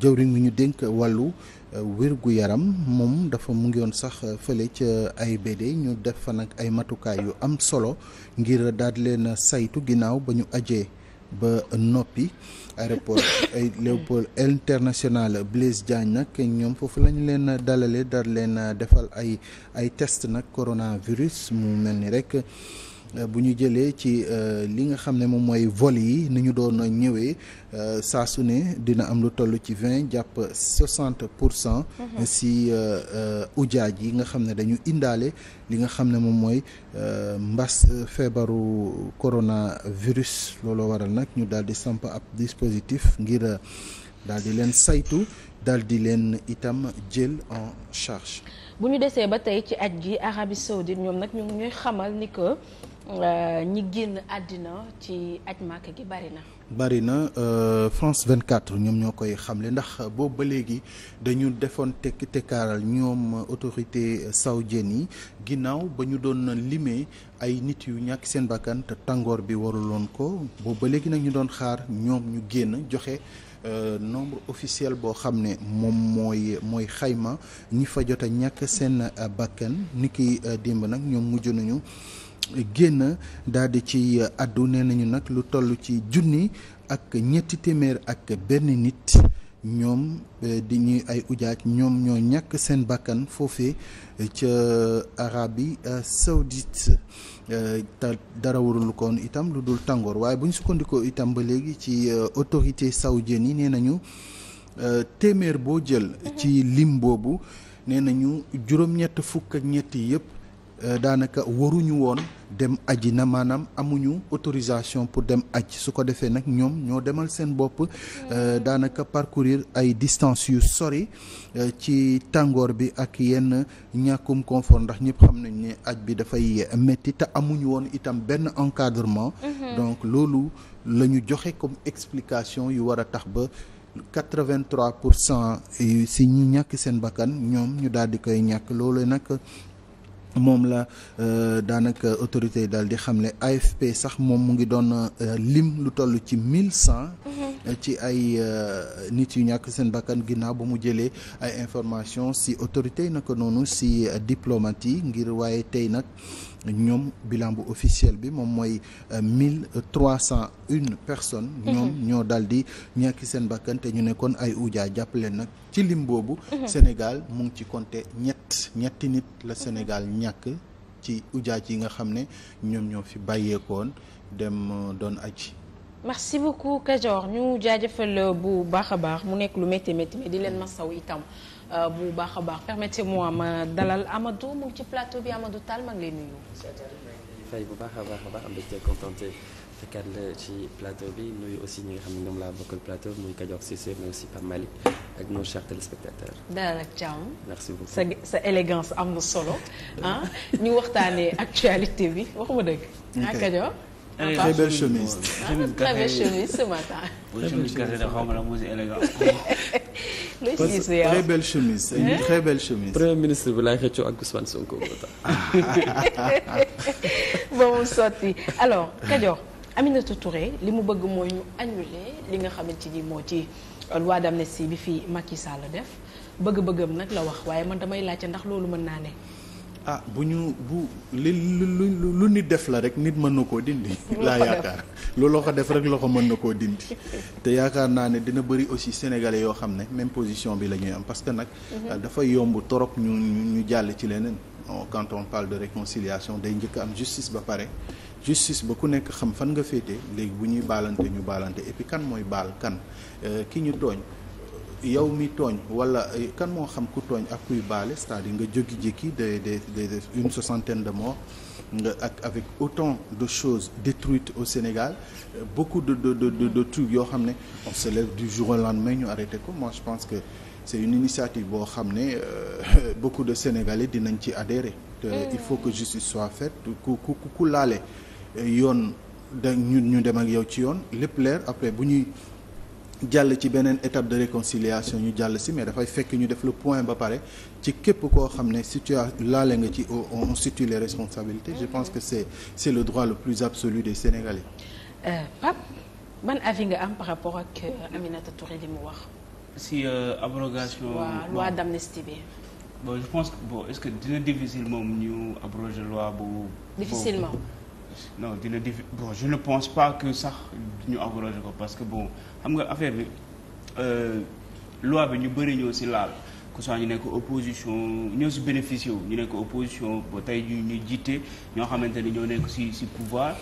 jëwriñ mi ñu dénk wàllu wérgu yaram moom dafa mu ngi woon sax fële ca ay AIBD ñu def fa nag ay matukaay yu am solo ngir daal leen saytu ginnaaw ba ñu ajee ba noppi. aéroport ay Léopold international Blaise Diagne nag ñoom foofu la leen dalale dar leen defal ay ay test nag coronavirus mu mel ni rekk Euh, bu ñu jëlee ci euh, li nga xam ne moom mooy vol yi ni ñu doon ñëwee euh, saa su ne dina am lu toll ci vingt jàpp soixante pour cent. Mhm. si ujaaj yi nga xam ne dañu indaale li nga xam ne moom mooy mbas feebaru coronavirus looloo waral nag ñu daal di samp ab dispositif ngir daal di leen saytu. daal di leen itam jël en charge. bu ñu desee ba tey ci aj gi Arabie Saoudite ñoom nag ñu ñuy xamal ni que. Euh, ñi génn àddina ci aj màkk gi bari na. bari na euh, France 24 ñoom ñoo koy xamle ndax boobu ba léegi dañu defoon tekki tekkaaral ñoom autorité saoudienne yi ginnaaw ba ñu doon limee ay nit yu ñàkk seen bakkan te tàngoor bi waruloon ko boobu ba léegi nag ñu doon xaar ñoom ñu génn joxe. Euh, nombre officiel boo xam ne moom mooy xayma ñi fa jot a ñàkk seen bakkan nit ki euh, démb nag ñoom mujj nañu génn daadi ci àddu nee nañu nag lu toll ci junni ak ñetti téeméer ak benn nit ñoom eh, di ñuy ay ujaaj ñoom ñoo ñàkk seen bakkan foofe eh, ca Arabie eh, Saoudite te dara warul koon itam lu dul tàngoor waaye buñ sukkandikoo itam ba léegi ci autorité saoudienne yi nee nañu téeméer boo jël ci lim boobu nee nañu juróom-ñett ak ñett yëpp Euh, daanaka waruñu woon dem aji na maanaam amuñu autorisation pour dem aji su ko defee nag ñoom ñoo demal seen bopp euh, daanaka parcourir ay distance yu sori euh, ci tàngoor bi ak yenn ñàkkum confort ndax ñëpp xam nañ ne aj bi dafay metti te amuñu woon itam benn encadrement mm-hmm. donc loolu la ñu joxe comme explication yu war a tax ba 83 pour cent si ñu ñàkk seen bakkan ñoom ñu daal di koy ñàkk loolu nag moom la euh, daanaka autorité yi daal di xam ne AFP sax moom mu ngi doon euh, lim lu toll ci mille cent mhm. ci ay euh, nit yu ñàkk seen bakkan ginnaaw ba mu jëlee ay information si autorité yi naka noonu si diplomate yi ngir waaye tey nag ñoom bilan bu bi moom mooy mille trois cent une personnes mhm. ñoom ñoo dal di ñàkk seen bakkan te ñu nekkoon ay uujaa jàppaleen nag ci lim boobu mhm. Sénégal mu ci compté ñett ñetti nit la Sénégal ñàkk ci ujaaj yi nga xam ne ñoom ñoo fi bàyyeekoon dem euh, doon aji. merci beaucoup Kajoor ñu jaajëfal euh, bu baax a baax mu nekk lu métti métti mais di leen ma saw itam euh, bu baax a baax permettez-moi ma dalal Amadou mu ngi ci plateau bi Amadou Tall maa ngi lay bu baax fekkaat la ci plateau bi nuyu aussi ñi nga xam ne ñoom laa bokkal plateau muy Kajoor Cissé aussi Pape Malick ak nos chers téléspectateurs. dalal ak jàmm. sa sa élégance am na solo ah ñu waxtaanee actualité bi waxuma dëgg. ah Kajoor. Ah, très belle chemise. très belle chemise ce matin. très belle chemise une ministre bi laay xëccoo ak Ousmane Sonko ba mu sotti alors Kajoor. Aminata Touré li mu bëgg mooy ñu annuler li nga xamante ni moo ci euh, loi d'amnistie bi fii Macky Sall def bëgg-bëggam nag la wax waaye man damay laajte ndax loolu mën naa ne. ah bu ñu bu li lu nit def la rek nit mën na koo dindi. laa yaakaar lu loxo def rek loxo mën na koo dindi. te yaakaar naa ne dina bëri aussi sénégalais yoo xam ne même position bi la ñuy am parce que nag. Mhm. Euh, dafa yomb torop ñu ñu jàll ci leneen. quand on parle de réconciliation day njëkk am justice ba pare. justice ba ku nekk xam fan nga féete léegi bu ñuy baalante ñu baalante et kan mooy baal kan euh, ki ñu tooñ yow mi tooñ wala euh, kan moo xam ku tooñ ak kuy baale c'est-à-dire nga jógi jékki des des des une soixantaine de morts nga ak avec autant de choses détruites au Sénégal euh, beaucoup de de de de, de yoo xam ne on se du jour au lendemain ñu arrêté ko moi je pense que c'est une initiative boo xam ne beaucoup de Sénégalais dinañ ci adhérer te mm. il faut que justice soit faite ku ku ku laale yoon da ñu ñu dem ak yow ci yoon lépp leer après bu ñuy jàll ci beneen étape de réconciliation ñu jàll si mais dafay fekk ñu def le point ba pare ci képp koo xam ne situa laale nga ci on situe les responsabilités je pense que c'est c'est le droit le plus absolu des Sénégalais. Euh, Pape ban avis nga am par rapport ak euh, Aminata li mu wax. si euh, abrogation. waaw loi d'amnistie bi. ce que dina difficile moom ñu abroger loi bu. non di la dif bon je ne pense pas que sax ñu encouragé ko parce que bon xam nga affaire bi euh, loi bi ñu bëri ñoo si laal que soit ñu nekk opposition ñoo si bénéficié wu ñu nekk opposition ba tey ñu ñu jiite ñoo xamante ni ñoo nekk si si pouvoir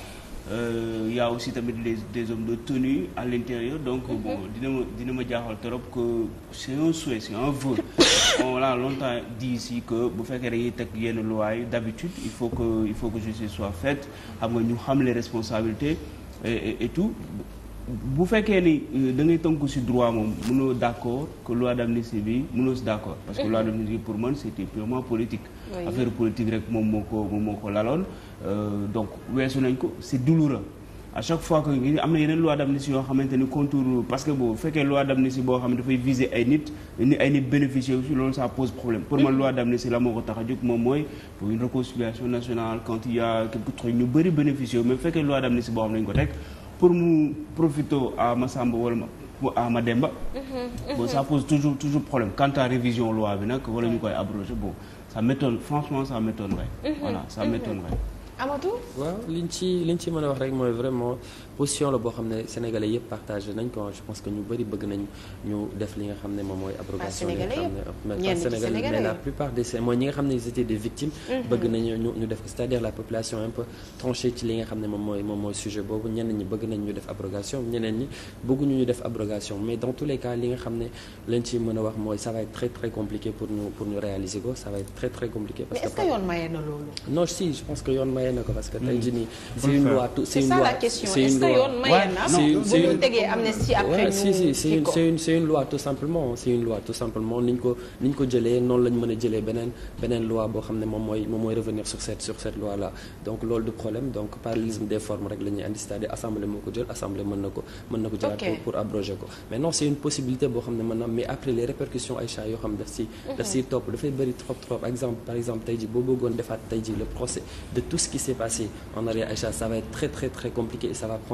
Euh, y aussi tamit des des hommes de tenue à l'intérieur donc mhm. bon dina ma dina ma jaaxal trop que c'est un souhait c'est un vœu on l'a longtemps dit ici que bu fekkee dañuy teg yenn loi yi d'habitude il faut que il faut que justice soit faite xam nga ñu xam les responsabilités et, et tout bu fekkee ni euh, da ngay tënku ci droit moom mënoo d'accord que loi d'amnistie bi mënoo ci d'accord parce que loi mhm. d'amnistie bi pour man c'était purement politique moo ko moom moo ko laloon euh, donc weesu nañ ko c'est douloureux xamante ni contour parce que bu fekkee loi d'amnistie boo xam ne dafay viser ay nit ni ay nit bénéficier loolu ça pose problème pour man mhm. loi d'amnistie la moo ko tax a jóg moom mooy pour une réconciliation nationale quand il y a quelque chose ñu bëri bénéficier même fekkee loi d'amnistie boo xam ne dañu ko teg pour mu profiter ma Massamba wala à Mademba. Mhm, bon mhm. ça pose toujours toujours problème quant à révision loi bi nag wala ñu koy abroger bon ça m'étonne franchement ça m'étonnerait. Mhm, voilà ça m'étonnerait. Amatou. waaw liñ ci liñ ci mën a wax rek mooy vraiment. position la boo xam ne sénégalais yëpp partagé nañ ko je pense que ñu bëri bëgg nañ ñu def li nga xam ne moom mooy abrogation li nga xam ne sénégalais mais la plupart des mooy ñi nga xam ne ils étaient des victimes mm-hmm. bëgg nañu ñu ñu def ko cest la population un peu tranchée ci li nga xam ne moom mooy sujet boobu ñenn ñi bëgg nañ ñu def abrogation ñeneen ñi bëgguñu ñu def abrogation mais dans tous les cas li nga xam ne lañ ci mën a wax loi ouais, si si c'est une c'est une c'est une loi tout simplement c'est une loi tout simplement ni ñu ko ni ñu ko jëlee noonu la ñu mën a jëlee beneen beneen loi boo xam ne moom mooy moom mooy revenir sur cette sur cette loi là donc loolu du problème donc parallélisme des formes rek la ñuy indi c'est-à-dire assemblée moo ko jël assemblée mën na ko mën na ko jëlaat pour abroger ko mais non c'est une possibilité boo xam ne maanaam mais après les répercussions ay yoo xam daf si daf siy topp dafay bëri trop trop exemple par exemple tey ji boo bëggoon defaat tey ji le procès de tout ce qui s'est passé en arrière Aïcha ça va être très très très compliqué et ça va prendre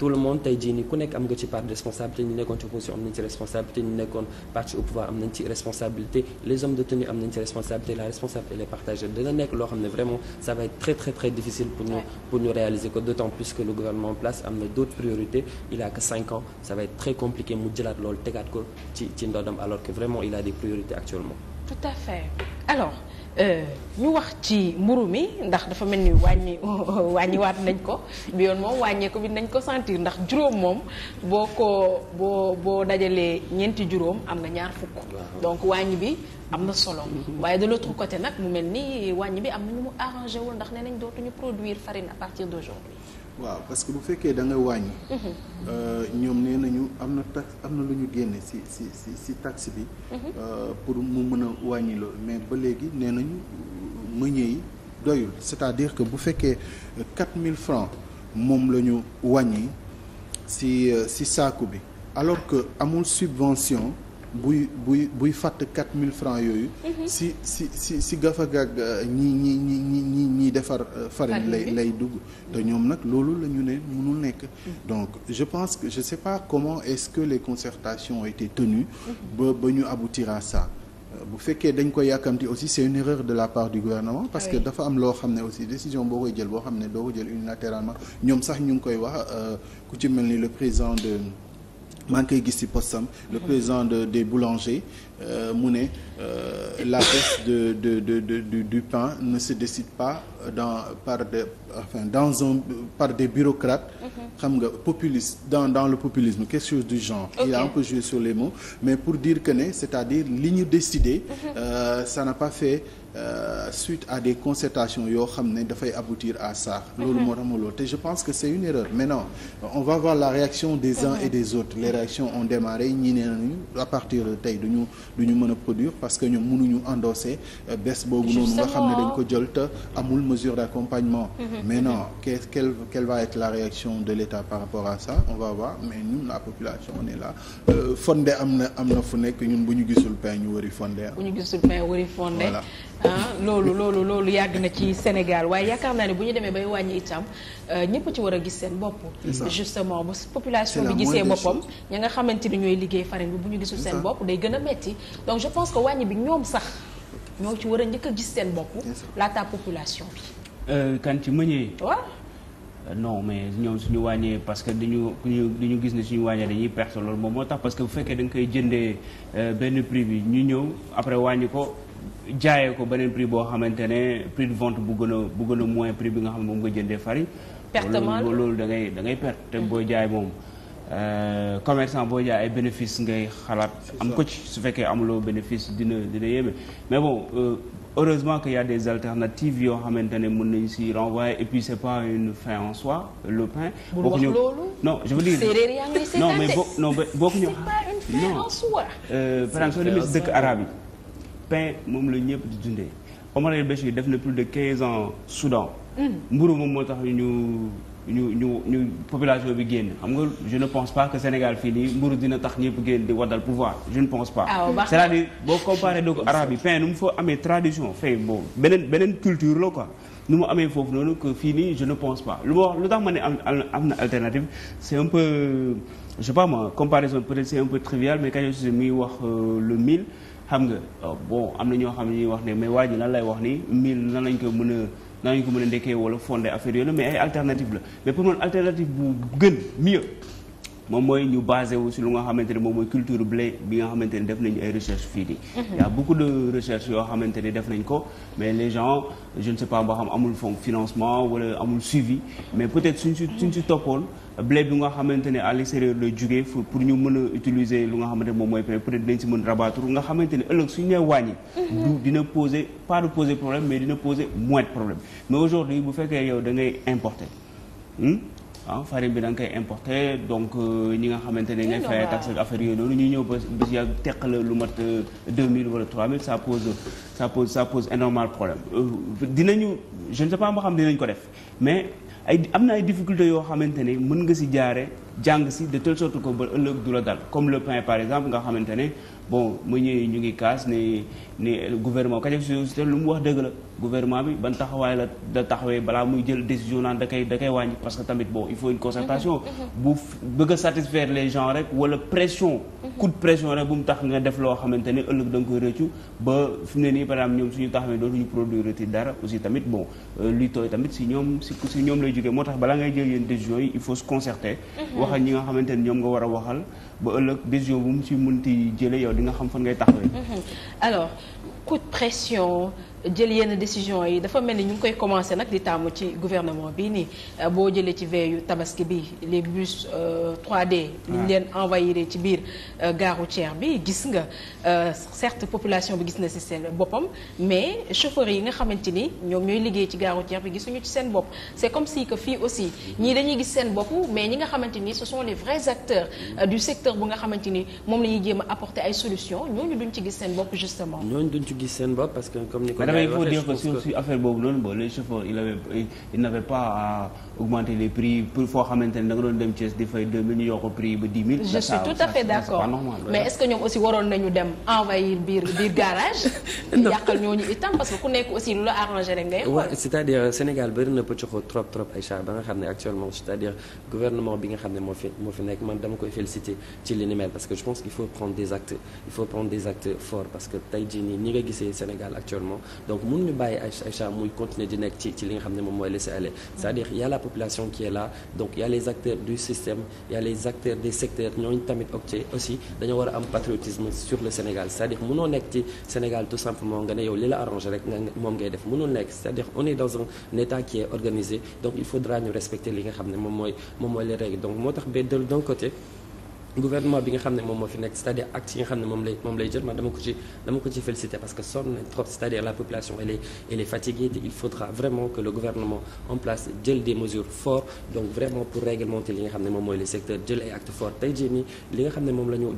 tout le monde tey jii nii ku nekk am nga ci part responsabilité ñu nekkoon ci opposition am nañ ci responsabilité ñu nekkoon parti au pouvoir am nañ ci responsabilité les hommes de tenue am nañ ci responsabilité la responsabilité elle est partagée dina nekk loo xam ne vraiment ça va être très très très difficile pour nous pour nous réaliser ko d'autant plus que le gouvernement en place am na d'autres priorités il a que cinq ans ça va être très compliqué mu jëlaat lool tegaat ko ci ci ndodam alors que vraiment il a des priorités Euh, ñu wax ci mburu mi ndax dafa mel ni wàññi wàññiwaat nañ ko bi yoon moom ko bi nañ ko sentir ndax juróom moom boo ko boo boo dajalee ñeenti juróom am nga ñaar fukk donc wàññi bi am na solo waaye da l'autre côté nag mu mel nii wàññ bi am na ñu mu arrangé wul ndax nee nañ dootuñu produire farine à partir d'aujourd'hui waaw parce que bu fekkee da nga wàññi. Mhm. Euh, ñoom nee nañu am na tax am na lu ñu génne si si si si taxe bi. Mhm. Euh, pour mu mën a wàññi loolu mais ba léegi nee nañu meunier yi doyul c'est-à-dire que bu fekkee mille francs moom la ñu wàññi si euh, si saaku bi alors que amul subvention. buy buy buy fàtt quatre mille francs yooyu mhm. si si si si gafagaag ñi ñi ñi ñi ñi ñiy defar euh, farine lay lay dugg te ñoom nag loolu la ñu ne mënul nekk mhm. donc je pense que je sais pas comment est-ce que les concertations ont été mhm. ba ba ñu abu à ça euh, bu fekkee dañ ko yàkkamti aussi c'est une erreur de la part du gouvernement parce que dafa am loo xam ne aussi décision boo koy jël boo xam ne doo ko jël unilatéralement ñoom sax ñu ngi koy wax euh, ku ci mel ni le président de maa ngi koy gis ci postam le président de des boulangers euh, mu ne euh, la baisse de de de de du pain ne se décide pas dans par des enfin dans un par des bureaucrates. xam nga populiste dans dans le populisme quelque chose du genre. il a un peu joué sur les mots mais pour dire que ne c'est-à-dire li ñu décidé. Euh, ça n'a pas fait. Euh, suite à des concertations yoo xam ne dafay aboutir à ça loolu moo tax mhm. ma loolu te je pense que c'est une erreur maintenant on va voir la réaction des uns et des autres les réactions ont démarré ñii nee nañu à partir tey du ñu mën a produire parce que ñoom mënuñu endosser euh, baisse boobu noonu nga xam ne dañ ko jol te amul mesure d'accompagnement mhm. mais non mhm. qu'est-ce quelle quelle va être la réaction par rapport à ça on va ñun la population on est là euh, fonde am na am na fu nekk ñun bu ñu gisul pain ñu wari fonde bu ñu gisul pain wari fonde ah loolu loolu loolu yàgg na ci Sénégal waaye yaakaar naa ne bu ñu demee bay wàññi itam euh, ñëpp ci war a gis seen bopp. justement bu population bi gisee boppam. ña nga xamante ni ñooy liggéey farine bi bu ñu gisu seen bopp day gën a metti donc je pense que wàññi bi ñoom sax ñoo ci war a njëkk a gis seen bopp. laata population bi. Euh, kan ci meññee. Euh, waaw. non mais ñoom suñu wàññee parce que dañu ñu gis ne suñu wàññee dañuy perte loolu moom moo tax parce que bu fekkee nga koy jëndee benn prix bi ñu ñëw après wàññi ko. jaayee ko beneen prix boo xamante ne prix de vente bu gën bu gën a moins prix bi nga xam ne moom nga jëndee farine. perte loolu dangay ngay da ngay perte te boo jaay moom. Euh, commerçant boo jaay ay bénéfice ngay xalaat. am ko ci su fekkee amuloo bénéfice dina dina yéeme mais bon euh, heureusement que y a des alternatives yoo xamante ne mën nañu si renvoyer et puis c' est pas une fin en soi le pain. boo ko ñu non je veux dire non mais boo non boo euh, soo demee si dëkk arabe yi. pein moom la ñëpp di dundee Omar El Béchir def na plus de 15 ans Soudan. Mm. mburu moom moo tax ñu ñu ñu ñu population bi génn xam nga je ne pense pas que Sénégal fii nii mburu dina tax ñëpp génn di waddal pouvoir je ne pense pas. Ah, c'est-à-dire boo comparé donc arabe yi pain nu mu fa amee tradition fay boobu beneen beneen culture la quoi. nu mu amee foofu noonu que fii nii je ne pense pas lu ma lu tax ma ne am am na alternative c'est un peu je sais pas moi comparaison peu trivial mais quand wax euh, le mil. xam nga euh, bon am na ñoo xam ne ñuy wax ne mais waa ji lan lay wax ni mil nan lañ ko mën a nan lañ ko mën a ndekkee wala fondé affaire yooyu mais ay alternative la mais pour man alternative bu gën mieux moom mooy ñu basé wu si lu nga xamante ne moom mooy culture blé bi nga xamante ni def nañu ay recherche fii di mhm. y a yoo xamante ne def nañ ko mais les gens je ne sais pas mboo xam amul fond financement wala amul suivi mais peut-être suñ si suñ si toppoon blé bi nga xamante ne à l'extérieur lay jugee pour ñu mën a utiliser lu nga xamante ne moom mooy peut être dañ si mën rabattre nga xamante ne ëllëg suñu nee wàññi mhm. du bu fekkee yow da ngay importer hmm? ah farine bi da nga koy importer donc euh, ñi nga xamante ne ngay fay taxe ak yooyu noonu ñuy ñëw ba bés yàgg teq la lu mat 2000 euh, wala 3000 ça pose ça pose ça pose énorme problème euh, dinañu je ne sais pas moo xam dinañ ko def mais ay am na ay difficultés yoo xamante ne mën nga si jaare jàng si de telle sorte que ba ëllëg du la dal comme le pain par exemple nga xamante ne bon mu ñëwee ñu ngi kaas ne ni gouvernement Kajoor Sud lu mu wax dëgg la gouvernement bi ban taxawaay la da taxawee balaa muy jël décision naan da koy da koy wàññi parce que tamit bon il faut une concertation mm-hmm, mm-hmm. bu bëgg a satisfaire les gens rek wala pression mm-hmm. coup de mu tax nga def loo xamante ne ëllëg da nga koy ba fi mu ne nii par exemple ñoom suñu taxawee dootuñu produire ti aussi tamit bon euh, luy tooy tamit si ñoom si si ñoom lay jógee moo tax balaa ngay jël yéen décisions yi il faut se concerter waxal ñi nga xamante ne ñoom nga war a waxal ba ëllëg décision bu mu ci mënti jëlee yow di nga xam fan ngay taxawee. Mhm. alors coup de pression. jël yenn décision yi dafa mel ni ñu ngi koy commencé nag di taamu ci gouvernement bi nii euh, boo jëlee ci veillu tabaski bi les bus 3D. Euh, li ñu leen envoyé ci biir euh, gaaru routière bi gis nga certes population bi gis na ci seen boppam mais chauffeurs yi nga xamante ni ñoom ñooy liggéey ci gare routière bi gisuñu ci seen bopp. c'est comme si que fii aussi ñii dañuy gis seen bopp mais ñi nga xamante ni ce sont les vrais acteurs du secteur bu nga xamante ni moom la ñuy jéem a apporter ay solutions ñooñu duñ ci mais il faut dire que sur si affaire boobu noonu bon les chauffeurs il avait da nga doon dem Thiès di fay 2000 tout à fait d'accord mais est-ce parce que ku nekk aussi lu la arrangé rek ngay. waaw c'est-à-dire euh, Sénégal bëri na trop trop ay char ba nga xam ne actuellement c'est-à-dire gouvernement bi nga xam ne moo fi moo fi nekk man dama koy féliciter ci li ni mel parce que je pense qu'il faut prendre des actes forts parce que tey jii nii ñi nga gisee Sénégal actuellement donc mun ñu bàyyi Aïcha muy continuer di nekk ci ci li nga xam ne moom mooy laisser-aller c'est-à-dire il y a la population qui est là donc il y a les acteurs du système il y les acteurs des secteurs ñooñu tamit ok aussi dañoo war am patriotisme sur le Sénégal sa à dire munoo nekk ci Sénégal tout simplement nga ne yow li la arrangé rek nga moom ngay def munul nekk c'est-à-dire on est dans un état qui organisé donc il faudra ñu respecter li nga xam ne moom mooy moom mooy les règles donc moo tax ba d'un gouvernement bi nga xam ne moom moo fi nekk c'est-à-dire lay jël man dama ko ci dama ko ci félicité parce que sonn nañ trop c'est-à-dire la population elle est elle est il faudra vraiment que le gouvernement en place jël des mesures fortes donc vraiment pour réglementer li nga xam ne moom mooy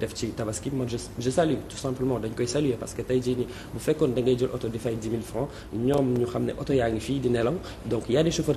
def ci tabaski man je salue tout simplement dañ koy saluer parce que tey jii bu fekkoon da ngay jël oto di fay francs ñoom ñu xam ne oto yaa ngi di nelaw donc y des chauffeurs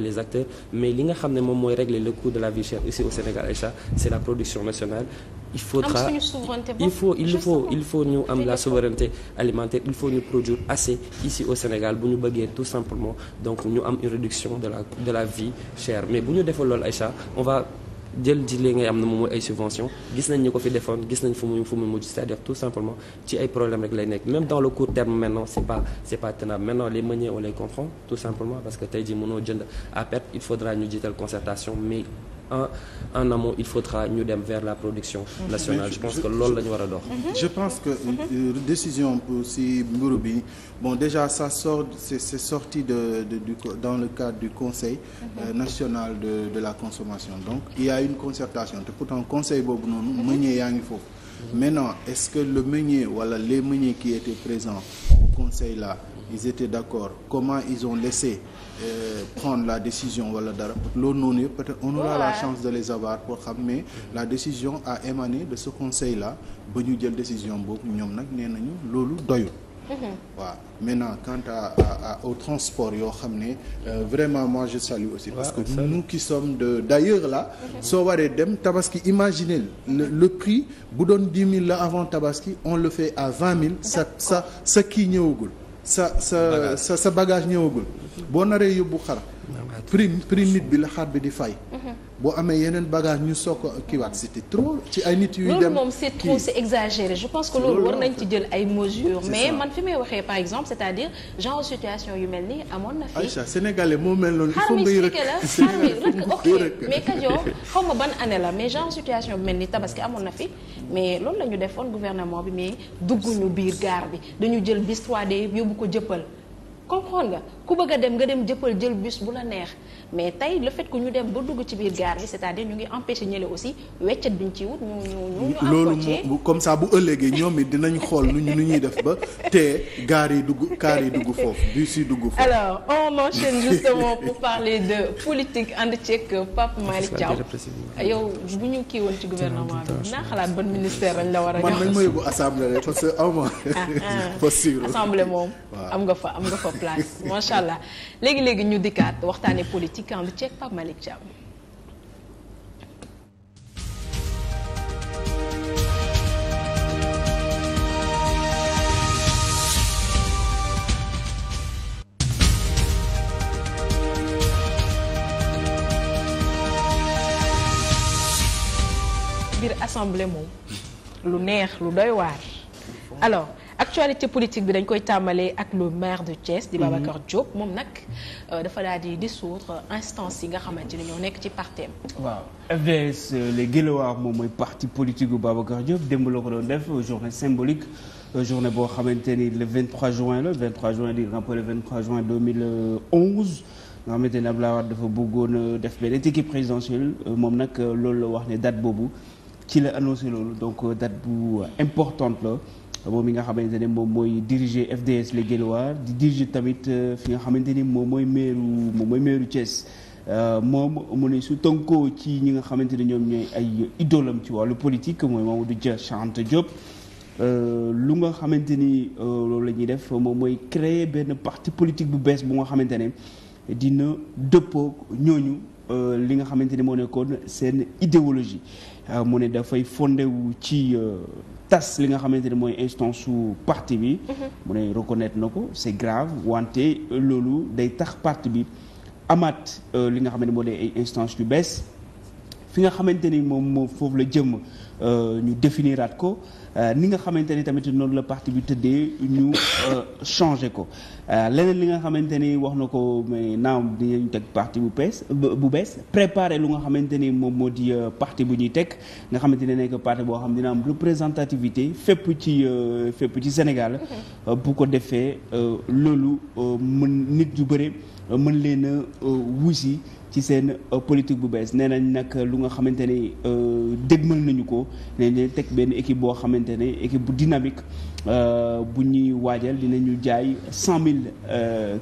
mooy les acteurs mais li nga xam ne moom mooy régler le coût de la vie chère ici au Sénégal Aïcha c'est la production nationale il faudra il faut il faut il faut ñu am la souveraineté alimentaire il faut ñu produire assez ici au Sénégal bu ñu bëggee tout simplement donc ñu am une réduction de la de la vie chère mais bu ñu defal loolu Aïcha on va jël ci li ngay am na moom mooy ay subvention gis nañ ñu ko fi defoon gis nañ fu mu fu mu mujj cest tout simplement ci ay problème rek lay nekk même dans le court terme maintenant c'est pas c'est pas tenable maintenant les meuniers on les comprend tout simplement parce que tey jii mënoo jënd à perte il faudra ñu jiital concertation mais en en amont il faudra ñu dem vers la production mhm. nationale je pense que loolu la ñu war a dox mhm. je pense que euh, mhm. euh, décision si mburu bi bon déjà ça sort c'est c'est sorti de, de du dans le cadre du conseil euh, national de de la consommation donc il y a une concertation te pourtant conseil boobu noonu meunier yaa ngi mais maintenant est-ce que le meunier wala les meuniers qui étaient présents au conseil là ils étaient d'accord comment ils ont laissé Euh, prendre la décision wala dara loolu noonu yëpp peut-être on aura la chance de les avoir pour xam mais la décision a émané de ce conseil la ba ñu jël décision boobu ñoom nag nee nañu loolu doyul mhm. waaw maintenant quant à, à, à au transport yoo xam ne euh, vraiment moi je salue aussi parce que nous qui sommes de d'ailleurs la mhm. soo waree dem tabaski imaginez le, le prix bu doon dix mille la avant tabaski on le fait à vingt mille sa sa sa kii ñëwagul sa sa sa sa bagage ñëwagul boo naree yóbbu xar prime prime nit bi la xaat bi di fay. Mhm. boo amee yeneen bagage ñu soog a kiiwaat c'était trop ci ay nit yuy dem moom c'est trop c'est exagéré je pense que loolu war nañ ci jël ay mesures mais man fi may waxee par exemple c'est-à-dire genre situation yu mel nii amoon na fi Aïcha sénégalais moo mel noonu xar mi la xar mi rek ok mais Kajoor xaw ma ban année la mais genre situation bu mel nii tabaski amoon na fi mais loolu la ñu defoon gouvernement bi mais dugguñu biir gaar bi dañu jël bis 3D yóbbu ko jëppal comprendre nga ku bëgg dem nga dem jëppal jël bus bu la neex mais tey le fait que ñu dem ba dugg ci biir gaar bi c'est-à-dire ñu ngi empêcher ñële aussi weccet biñ ci wut ñu ñu ñu. am loolu comme ça bu ëllëgee ñoom it dinañ xool nu ñu nu ñuy def ba tee gaar yi dugg kaar yi dugg foofu bus yi dugg foofu. alors on enchaîne justement pour parler de politique ànd ceeg Pape Malick Thiaw yow bu ñu kii woon ci gouvernement bi naa xalaat ban ministère añ la war a. man nañ ma yóbbu assemblée que aw ma. Ah, ah. assemblée moom am nga fa am nga fa. place macha allah léegi léegi ñu dikkaat waxtaanee politique ànd ceeg Pape Malick Thiam. biir assemblée moom lu neex lu doy waar alors. actualité politique bi dañ koy tàmbalee ak le maire de Thiès di mhm. Babacar Diop moom nag euh, dafa daal di dissoudre instance yi nga xamante ni ñoo nekk ci parteem waaw FDS euh, les Guelewar moom mooy parti politique bu Babacar Diop démb la ko doon def euh, journée symbolique journée boo xamante ni le 23 juin la 23 juin di rappelé 23 juin 2011 nga xamante ni Abdoulaye Wade dafa bëggoon def benn ticket présidentiel moom nag loolu la wax ne date boobu ci la annoncé loolu donc date bu importante la moom mi nga xamante ne moom mooy diriger FDS Les Guelwaars di diriger tamit euh, fi nga xamante ni moom mooy meeru moom mooy meeru Thiès euh, moom mu ne su tënkoo ci ñi nga xamante ne ñoom ñooy ay idolam ci wàllu politique mooy moom Dia Cheikh Anta Diop euh, lu nga xamante ni loolu la ñuy def moom mooy créer benn parti politique bu bees bu nga xamante ne dina dëppook ñooñu li nga xamante ni moo nekkoon seen idéologie mu ne dafay fondé wu ci tas li nga xamante ne mooy instance su parti bi. Mhm. mu ne reconnaître na ko c'est grave wante loolu day tax parti bi amaat euh, li nga xamante ne moo dee ay instance yu bees fi nga xamante ni moom moo foofu la jëm euh, ñu définiraat ko. Euh, ni nga xamante ni tamit noonu la parti bi tëddee ñu euh, changé ko euh, leneen li nga xamante ni wax na ko mais naam dinañ teg parti bu bees bu bees préparer lu nga xamante ni moom moo di parti bu ñuy teg nga xamante ne nekk parti boo xam dina am représentativité fépp ci fépp ci Sénégal bu ko defee loolu mën nit yu bëri mën leen a wusi ci seen euh, politique bu bees nee nañ nag lu nga xamante ni euh, dégmal nañu ko nee nañ teg benn équipe boo xamante ne équipe bu dynamique euh, bu ñuy waajal dinañu jaay cent mille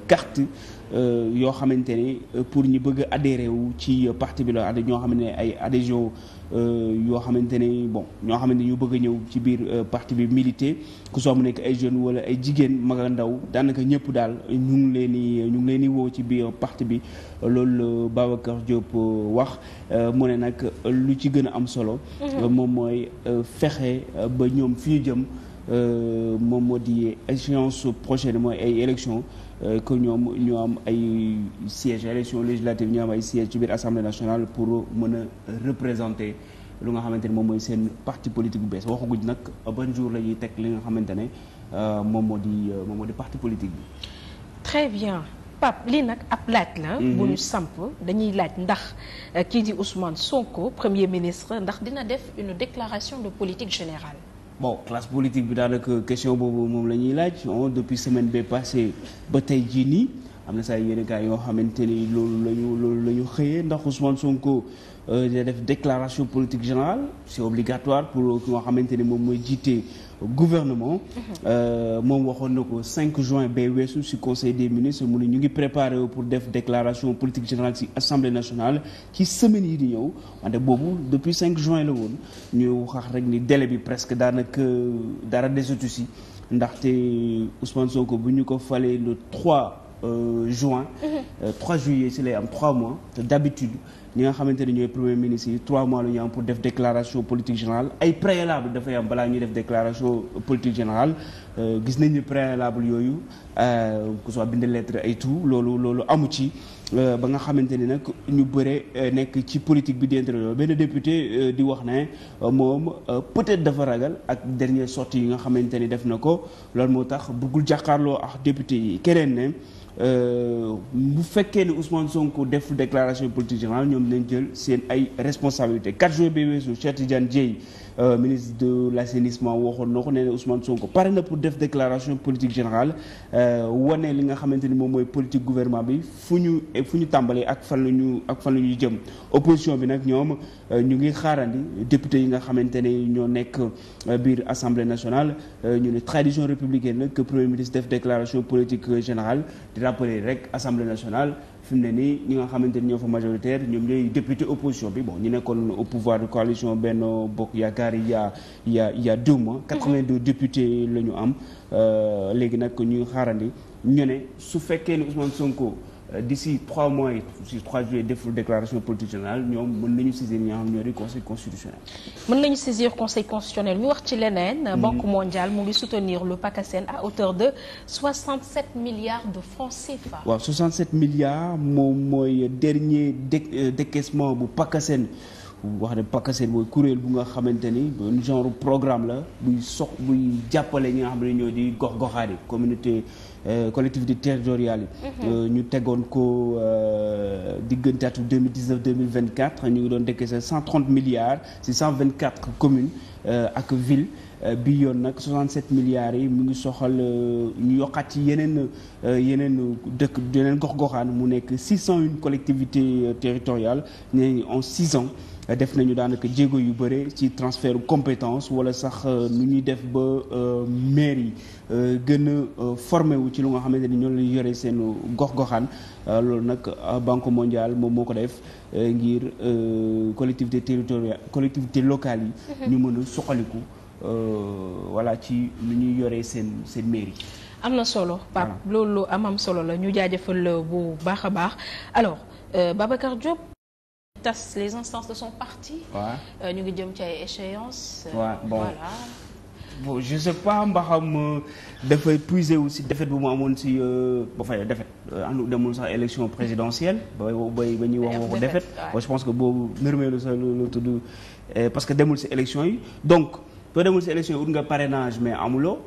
cartes yoo xamante ne pour ñu bëgg adhéré wu ci parti bi la ñoo xam ne ay adhésion Euh, yoo xamante ne bon ñoo xamante ñu bëgg a ñëw ci biir euh, parti bi militer ku soo mu nekk ay jeunes wala ay jigéen mag ndaw daanaka ñëpp daal ñu ngi leen ñu ngi leen di woo ci biir parti bi loolu Babacar Diop euh, wax mu ne nag lu ci gën a am solo mm-hmm. moom mooy fexe ba ñoom fi ñu jëm Euh, moom moo di échéance prochaine mooy ay élection euh, que ñoom ñoo am ay siège élection législative ñoo am ay siège ci biir assemblée nationale pour mën a représenter lu nga xamante ne moom mooy seen parti politique bu bees waxaguñ nag ban jour la ñuy teg li nga xamante ne euh, moom di moom moo di parti politique bi. très bien Pape lii nag ab laaj la. Mhm. bu ñu samp dañuy laaj ndax kii di Ousmane Sonko premier ministre ndax dina def une déclaration de politique générale. bon classe politique bi daanaka question boobu moom la ñuy laaj depuis semaine bee passé ba tey jii nii am na saa yeneen gaa yoo xamante ni loolu la ñu loolu la ñu xëyee ndax Ousmane Sonko euh, da def déclaration politique générale c'est obligatoire pour ki nga xamante ni moom mooy jiite. gouvernement euh, moom waxoon na ko 5 juin bay weesu ci conseil des ministres mu ne ñu ngi préparé pour def déclaration politique générale ci assemblée nationale ci semaine yi di ñëw wante boobu depuis 5 juin la woon ñu wax rek ni délé bi presque daanaka euh, dara desatu ci ndaxte Ousmane Sonko bu ñu ko falee le 3 euh, juin 3 mhm. juillet ci lay am 3 mois te d'habitude ñi nga xamante ni ñooy premier ministre yi trois mois la ñu am pour def déclaration politique générale ay préalable dafay am balaa ñuy def déclaration politique générale euh, gis nañ ni préalable yooyu euh, que soit bind lettre ay tout loolu loolu amu ci euh, ba nga xamante ni nag ñu bëre nekk ci politique bi diante yooyu benn député di wax ne moom peut-être dafa ragal ak dernier sortie yi nga xamante ni def na ko loolu moo tax bëggul jàkkaarloo ak député yi keneen ne Euh, bu fekkee ne Ousmane Sonko def déclaration politique générale ñoom lañ jël seen ay responsabilité 4 juin bi weesu Cheikh Tidiane Euh, ministre de l' assainissement waxoon na ko nee na Ousmane Sonko pare na pour def déclaration politique générale euh, wane li nga xamante ni moom mooy politique gouvernement bi fu ñu fu ñu tàmbalee ak fan la ñu ak fan la ñuy jëm opposition bi nag ñoom euh, ñu ngi xaarandi député yi nga xamante ni ñoo nekk biir assemblée nationale ñu ne tradition républicaine nag que premier ministre def déclaration politique générale di rappeler rek assemblée nationale. fi mu ne nii ñi nga xamante ni ñoo fa majoritaire ñoom ñooy député opposition bi bon ñu nekkoon au pouvoir de coalition Benno Bokk Yaakaar yi ya yaa y' a deux mois. 82 députés la ñu am euh, léegi nag ñuy xaarandi ñu ne su fekkee ni Ousmane Sonko. Euh, d'ici trois mois yi si trois juillet deful déclaration politique générale ñoom mën nañu saisir ñoo xam ñoo di conseil constitutionnel. mën nañu saisir conseil constitutionnel ñu wax ci leneen. Mhm. banque mondiale mu ngi soutenir le PACASEN à hauteur de 67 milliards de francs CFA. waaw moom mooy dernier dé euh, décaissement bu PACASEN wax ne PACASEN mooy kuréel bu nga xamante ni genre programme la buy sox buy jàppale ñi nga xam ne ñoo di gox goxaari communauté. Euh, collectivité territoriale yi mhm. euh, ñu tegoon ko euh, diggante atum 2019 2024 ñu ngi doon décaisser 130 milliards ci 124 communes ak ville bi yoon nag 67 milliards yi mu ngi soxal ñu yokkaat ci yeneen yeneen dëkk yeneen gox-goxaan mu nekk 601 collectivités territoriales ne en 6 ans def nañu daanaka jéego yu bëre ci transfert compétence wala sax euh, nu ñuy def ba euh, maire yi euh, gën a wu ci lu nga xamante ni ñoo la yore seen gox-goxaan loolu nag banque mondiale moom moo ko def ngir collectivité territoriale collectivité locale yi mm-hmm. ñu mën a suqaliku voilà ci lu ñuy yoree seen seen mairie am na solo Pape loolu am am solo la ñu jaajëfal bu baax a baax alors Babacar Diop tas les instances de son parti. waaw euh, ñu ngi jëm ci ay euh, pas mba xam euh, dafay puiser aussi défaite bu mu amoon si ba fay défaite ànd demul sax élection présidentielle ba bay ba ñuy wax woo ko défaite je pense que boobu mërmeelu sax lu tudd parce que demul si élection yi donc boo demul si élection yi ut nga parrainage mais amuloo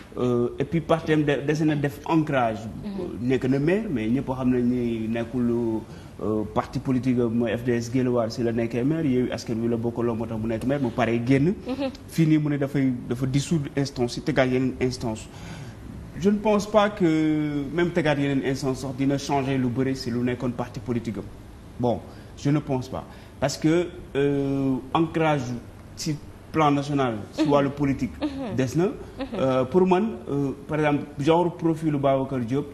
et puis partem dese def ancrage mhm. nekk na maire mais ñëpp xam nañ nekkul Euh, parti politique euh, mooy FDS Guelwaar si la nekkee maire yooyu Askan Wi la bokkaloo moo tax mu nekk maire mu paree génn. Mhm. fii nii mu ne dafay dafa dissoudre instance si tegaat yeneen instance je ne pense pas que même tegaat yeneen instance sox dina changer lu bëri si lu nekkoon parti politique am bon je ne pense pas parce que euh, ancrage si plan national. si mhm. wàllu politique. Mhm. des na. Euh, pour man par exemple genre profilu Babacar Diop.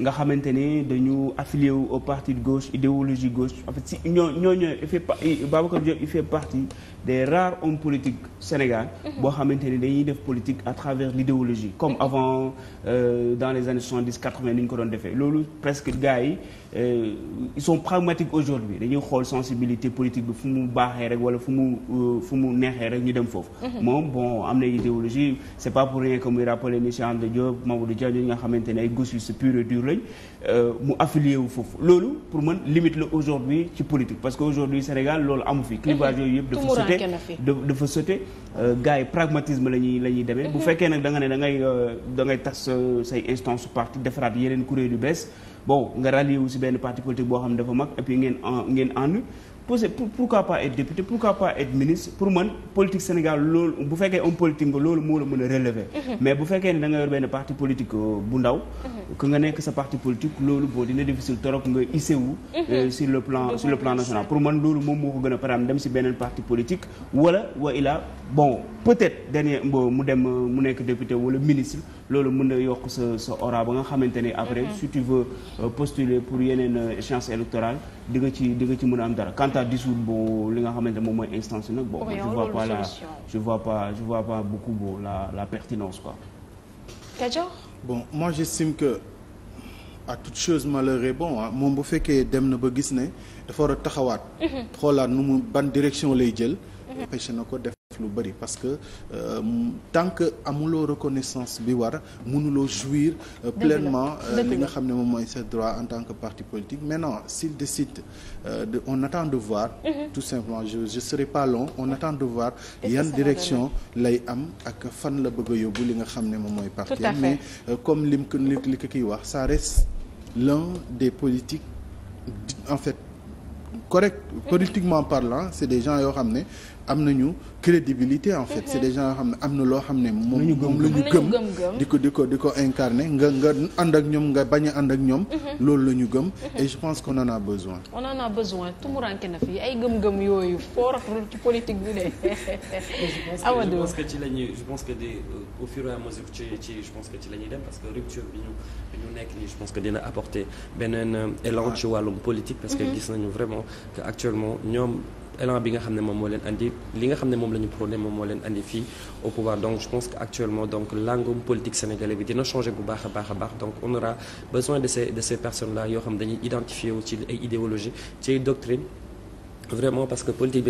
nga xamante ne dañu affilié wu au parti de gauche idéologie gauche en si ñoo ñoo ñoo il fait Babacar Diop il fait partie des rares hommes politique Sénégal mhm. boo xamante ni dañuy def politique à travers l'idéologie comme mhm. avant euh, dans les années 70 80 ni ñu ko doon defee loolu presque gars yi euh, ils sont pragmatiques aujourd'hui dañuy xool sensibilité politique bi fu mu baaxee rek wala fu mu euh, fu mu neexee rek ñu dem foofu mhm. moom bon am na idéologie c'est pas pour rien que muy rappeler monsieur Anta Diop Mamadou Dia ñi nga xamante ne ay gauchistes pur et dur lañ Euh, mu affilié wu foofu loolu pour man limite la aujourd'hui ci politique parce que aujourd'hui Sénégal loolu amu fi clivage yooyu yëpp dafa sute dafa sute euh, gars yi pragmatisme la ñuy la ñuy demee bu mhm. fekkee nag da nga ne da ngay euh, da tas say instance parti defaraat yeneen kuréel yu bees boo nga rallié wu si benn parti politique boo xam ne dafa mag et puis ngeen ngeen ànd posé pourquoi pas être député pourquoi pas être ministre pour man politique Sénégal loolu bu fekkee homme politique nga loolu moo la mën a relever. Mhm. mais bu fekkee ne da nga yor benn parti politique euh, bu ndaw. que mhm. nga nekk sa parti politique loolu boo dina difficile trop nga hissé wu. Mhm. Euh, sur le plan sur le plan national pour man loolu moom moo ko gën a param dem si beneen parti politique wala wa ila bon peut-être dernier mu dem euh, mu nekk député wala ministre. loolu mën na yokk sa sa aura ba nga xamante ni après mm-hmm. si tu veux euh, postuler pour yeneen euh, échéance électorale di nga ci di nga ci mun a am dara quant à dissoudre bon li nga xamante moom mooy instance nag boo je vois pas la je vois pas je vois pas la la pertinence quoi Kajoor bon moi j'estime que à toute chose moom bu fekkee dem na ba gis ne dafa war a taxawaat mm-hmm. xoolaat nu mu ban direction lay jël mm-hmm. empêché na ko def lu bëri parce que euh, tant que amuloo reconnaissance bi war mënuloo jouir euh, pleinement euh, li nga xam ne moom mooy ses droits en tant que parti politique maintenant s'il décide euh, de on attend de voir mm -hmm. tout simplement je je serai pas long on attend de voir yan direction lay am ak fan la bëgg a yóbbu li nga xam ne moom mooy parti mais euh, comme li m lim li ko kiy wax ça reste l'un des politiques en fait correct mm-hmm. politiquement parlant c'est des gens yoo xam ne am nañu crédibilité en fait c'est mhm. des gens yoo xam ne am na loo xam ne moom moom la ñu gëm di ko di ko di ko incarner nga nga ànd ak ñoom nga bañ a ànd ak ñoom mhm. loolu la ñu gëm mhm. et je pense qu'on en besoin on na fi ay gëm-gëm yooyu fooratul ci politique bi de Amadou je pense que ci la ñuy je pense que di euh, ci ci je pense la ñuy dem parce que rupture bi ñu bi ñu nekk nii je pense que dina apporter beneen euh, élan ci wàllum politique parce que gis nañu vraiment que actuellement ñoom élan bi nga xam ne moom moo leen andi li nga xam ne moom la ñu prôné moom moo leen andi fii au pouvoir donc je pense que actuellement donc langum politique sénégalais bi dina changé bu baax a baax a baax donc on aura besoin de ces personnes là yoo xam dañuy identifié wu ci idéologie ci doctrine vraiment parce que politique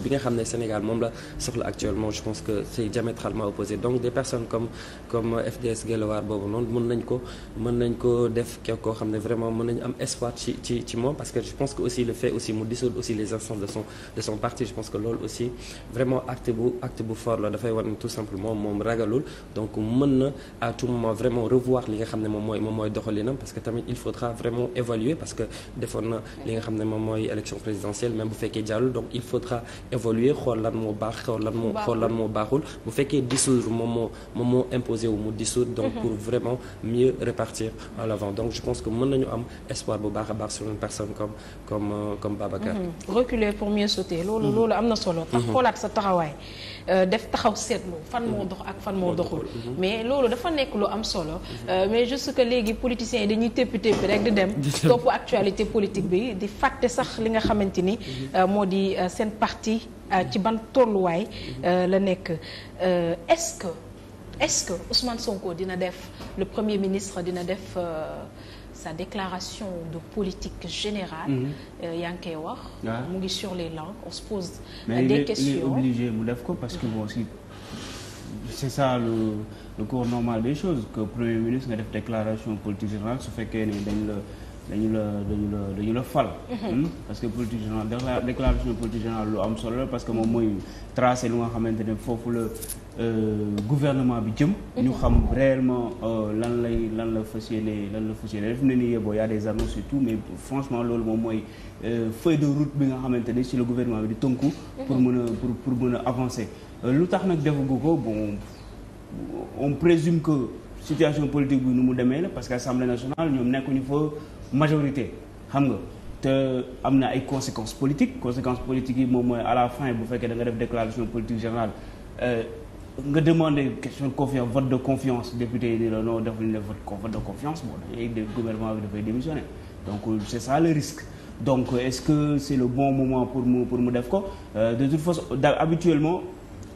bi nga xam ne Sénégal moom la soxla actuellement je pense que c'est diamétralement opposé donc des personnes comme FDS Guelwaar boobu noonu mën nañ ko mën nañ ko def kii xam ne vraiment mën nañu am espoir ci ci moom parce que je pense que aussi le fait mu dissoudre aussi les instances de son de son parti je pense que loolu aussi vraiment acte bu acte bu fort la dafay wane tout simplement moom ragalul donc mën na à tout moment vraiment revoir mooy élection présidentielle même bu fekkee jàllul donc il faudra évoluer xool lan moo baax xool lan moo xool lan moo baaxul bu fekkee dissoudre moom moo moom moo imposé wu mu dissoudre donc mhm. pour vraiment mieux répartir en l'avant donc je pense que mën nañu am espoir bu baax a sur une personne comme comme euh, mhm. reculer pour mieux sauter loolu mhm. loolu am na solo tax xoolaat sa taxawaay Euh, def taxaw seetlu fan moo dox ak fan moo doxul mhm. mais loolu dafa nekk lu am solo mhm. euh, mais juste que léegi politiciens yi dañuy téppi téppi rek di dem topp actualité politique bi di fàtte sax li nga xamante ni mhm. euh, moo di seen parti ci ban tolluwaay la nekk est-ce que ce que Ousmane Sonko dina def le premier ministre dina def sa déclaration de politique générale. yaa ngi koy wax. mu ngi sur les langues on se pose. Mais des il est, questions mais il est obligé mu def ko parce que bon si c'est ça le le cours normal des choses que premier ministre nga def déclaration politique générale su fekkee ne dañ la. dañu la dañu la dañu la fal. Mhm. Hmm? parce que politique générale déclaration politique générale lu am solo parce que moom mooy tracé lu nga xamante ne foofu la euh, gouvernement bi jëm. Mhm. ñu xam réellement euh, lan lay lan la fas yéene lan la fas yéene def na ni yeboo y a des annonces et mais franchement loolu moom mooy euh, feuille de route bi nga xamante ne si la gouvernement bi di tënku. Mhm. pour mën a pour pour mën a avancer lu tax nag defagu ko bon on présume que. situation politique bi nu mu demee la parce que assemblée nationale ñoom nekkuñu fa majorité xam nga te am na ay conséquences politiques conséquences politiques yi moom mooy à la fin bu fekkee da nga def déclaration politique générale euh, nga demander question de confiance vote de confiance député yi ni la non defuñu la vote de confiance bon dañuy yëg gouvernement bi dafay démissionner donc c'est ça le risque donc est-ce que c'est le bon moment pour mu pour mu ko euh, de toute façon habituellement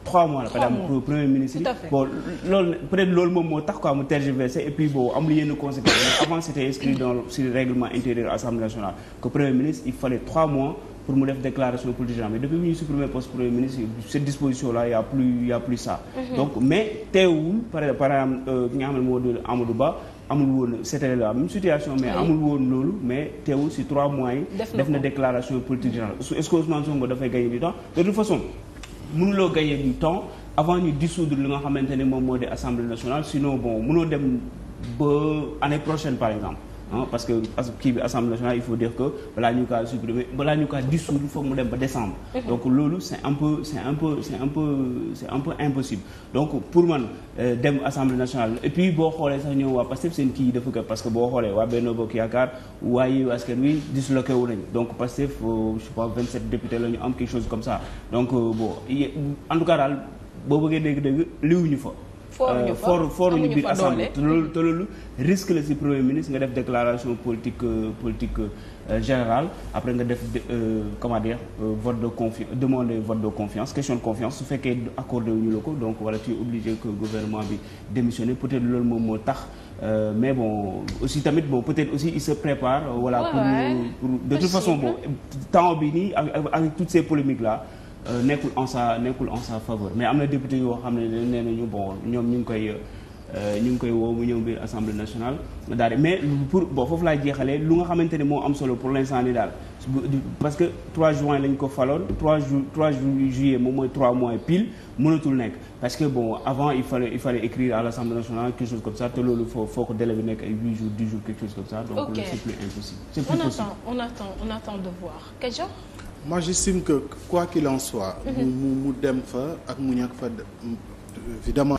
trois mois la par premier ministre bon loolu moom moo tax quoi mu tergiversé et puis bon amul yenn conséquences avant c'était inscrit dans sur règlement intérieur Assemblée nationale que premier ministre il fallait trois mois pour mu def déclaration politique générale mais depuis bu ñu supprimer premier ministre cette disposition là y a plus y plus ça mhm. donc mais teewul par exemple euh, ki nga xam ne moo doon Amadou Ba amul woon c'était la même situation mais amul woon loolu mais teewul si trois mois yi def na déclaration politique générale est-ce que Ousmane Sonko dafay mënuloo gagner du temps avant ñu dissoudre li nga xamante ne moom moo di assemblée nationale sinon bon mënoo dem ba année prochaine par exemple ah parce que as kii bi assemblée nationale il faut dire que balaa ñu kaa supprimer balaa ñu kaa dissoudre foog mu dem ba décembre. donc loolu c' un peu c' un peu impossible. donc pour man euh, dem assemblée nationale et puis boo xoolee sax ñoom waa Pastef seen kii yi parce que boo xoolee waa Benno Bokk Yaakaar waa Yewwi Wi disloqué wu nañu donc Pastef euh, je sais pas 27 députés la ñu am quelque chose comme ça donc euh, bon en tout cas daal boo bëggee dégg-dégg liwuñu fooruñu fa fooru fooruñu biir assemblée te loolu te risque la si premier ministre nga def déclaration politique euh, politique euh, générale après nga def euh, comment dire vote de confiance demander vote de confiance question de confiance su fekkee accordé wuñu la ko donc voilà tu es obligé que gouvernement bi démissionner peut-être loolu moom moo tax mais bon aussi tamit bon peut-être aussi il se prépare voilà pour pour de toute façon bon temps bi ni avec toutes ces polémiques là Euh, nekkul en sa nekkul en sa faveur mais am na député yoo xam ne nee nañu bon ñoom ñu ngi koy euh, ñu ngi koy woo mu ñëw biir assemblée nationale daal mais pour bon foofu laay jeexalee lu nga xamante ne moo am solo pour l'instant ni daal parce que 3 juin lañ ko faloon 3 ju 3 moom mooy 3 mois pile mënatul nekk parce que bon avant il fallait il fallait écrire à l'assemblée nationale quelque chose comme ça te loolu foo ko délai nekk ay jours 10 jours quelque moi j'estime que quoi qu'il en soit. Mhm. dem fa ak mu ñàkk fa évidemment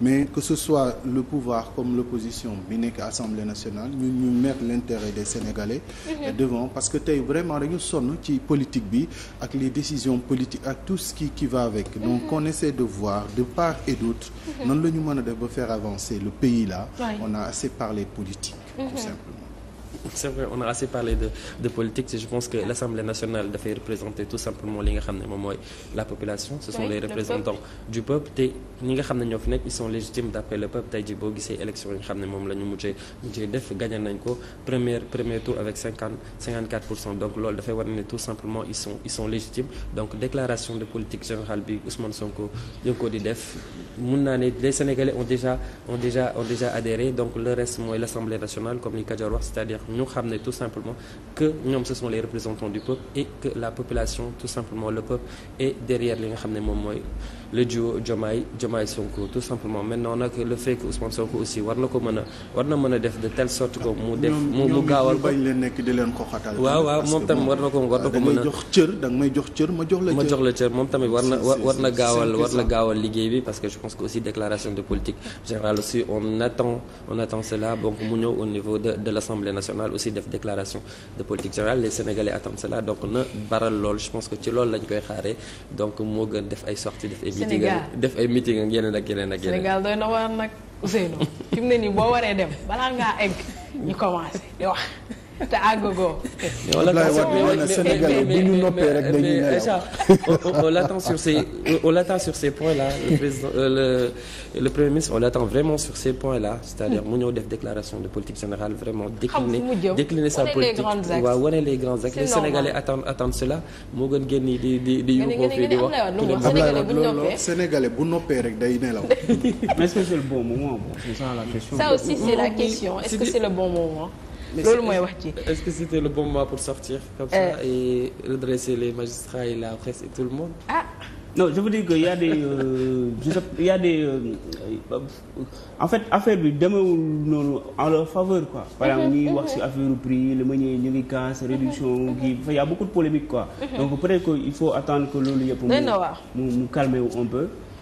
mais que ce soit le pouvoir comme l'opposition bi nekk assemblée nationale ñun ñu mettre l'intérêt des sénégalais mhm. devant parce que tey vraiment dañu sonn ci politique bi ak les décisions politiques ak tout ce qui va avec mhm. donc on essaie de voir de part et d'autre noonu la ñu mën a def ba faire avancer le pays là on a assez parlé politique tout c'est vrai on a assez parlé de de politique je pense que l'Assemblée nationale dafay représenter tout simplement li nga xam ne moom la population ce sont les représentants du peuple te ñi nga xam ne ñoo fi ils sont légitimes d'après le peuple tey boo gisee élection yi nga xam ne moom la ñu def gagné nañ ko premier premier tour avec donc loolu dafay war tout simplement ils sont légitimes donc déclaration de politique générale bi Ousmane ñu xam ne tout simplement que ñoom ce sont les représentants du peuple et que la population tout simplement le peuple est derrière li nga xam ne moom mooy le duo Diomaye Diomaye Sonko tout simplement maintenant nag le fait que Ousmane Sonko aussi war na ko mën a war na mën def de telle sorte que mu def mu gaawal ko bañ leen nekk di leen ko xatal waaw waaw moom tamit war na ko war na ko a jox cër da nga may jox cër ma jox la cër ma jox la cër moom tamit war na gaawal liggéey bi parce que je pense que aussi déclaration de politique générale aussi on attend on attend cela donc mu ñëw au niveau de l'Assemblée nationale aussi def déclaration de politique générale les Sénégalais attendent cela donc na baral lool lañ koy xaaree donc moo gën Sénégal def ay meeting ak yeneen ak yeneen ak yeneen. Sénégal doy na waar nag Ousseynou fi mu ne nii boo waree dem balaa ngaa egg ñu commencé di wax. te àggagoo. on l'attend sur ces on l'attend sur ces points là le président euh, le le premier ministre on l'attend vraiment sur ces points là c'est-à-dire mu ñëw déclaration de politique générale vraiment. décliner décliner sa politique waaw wane les grands axes les Sénégalais attendent cela moo gën génn di di di yuuxoo fii di bu noppee rek day nelaw. mais ce que c'est le bon moment. c'est ça la question. c'est ce que c'est le bon moment. loolu mooy wax ci. est-ce que c'était le bon moment pour sortir. comme euh. et redresser les magistrats et la presse et tout le monde. Ah. non je vous dis que y a des euh, je sais y a des euh, euh en fait affaire bi demewul noonu en leur faveur quoi. par exemple mhm, ñuy mhm. wax ci affaire prix le meunier ñu ngi casse réduction mhm. kii il y a beaucoup de polémique quoi. donc peut-être que il faut attendre que loolu yëpp. mu mu calmer wu un peu.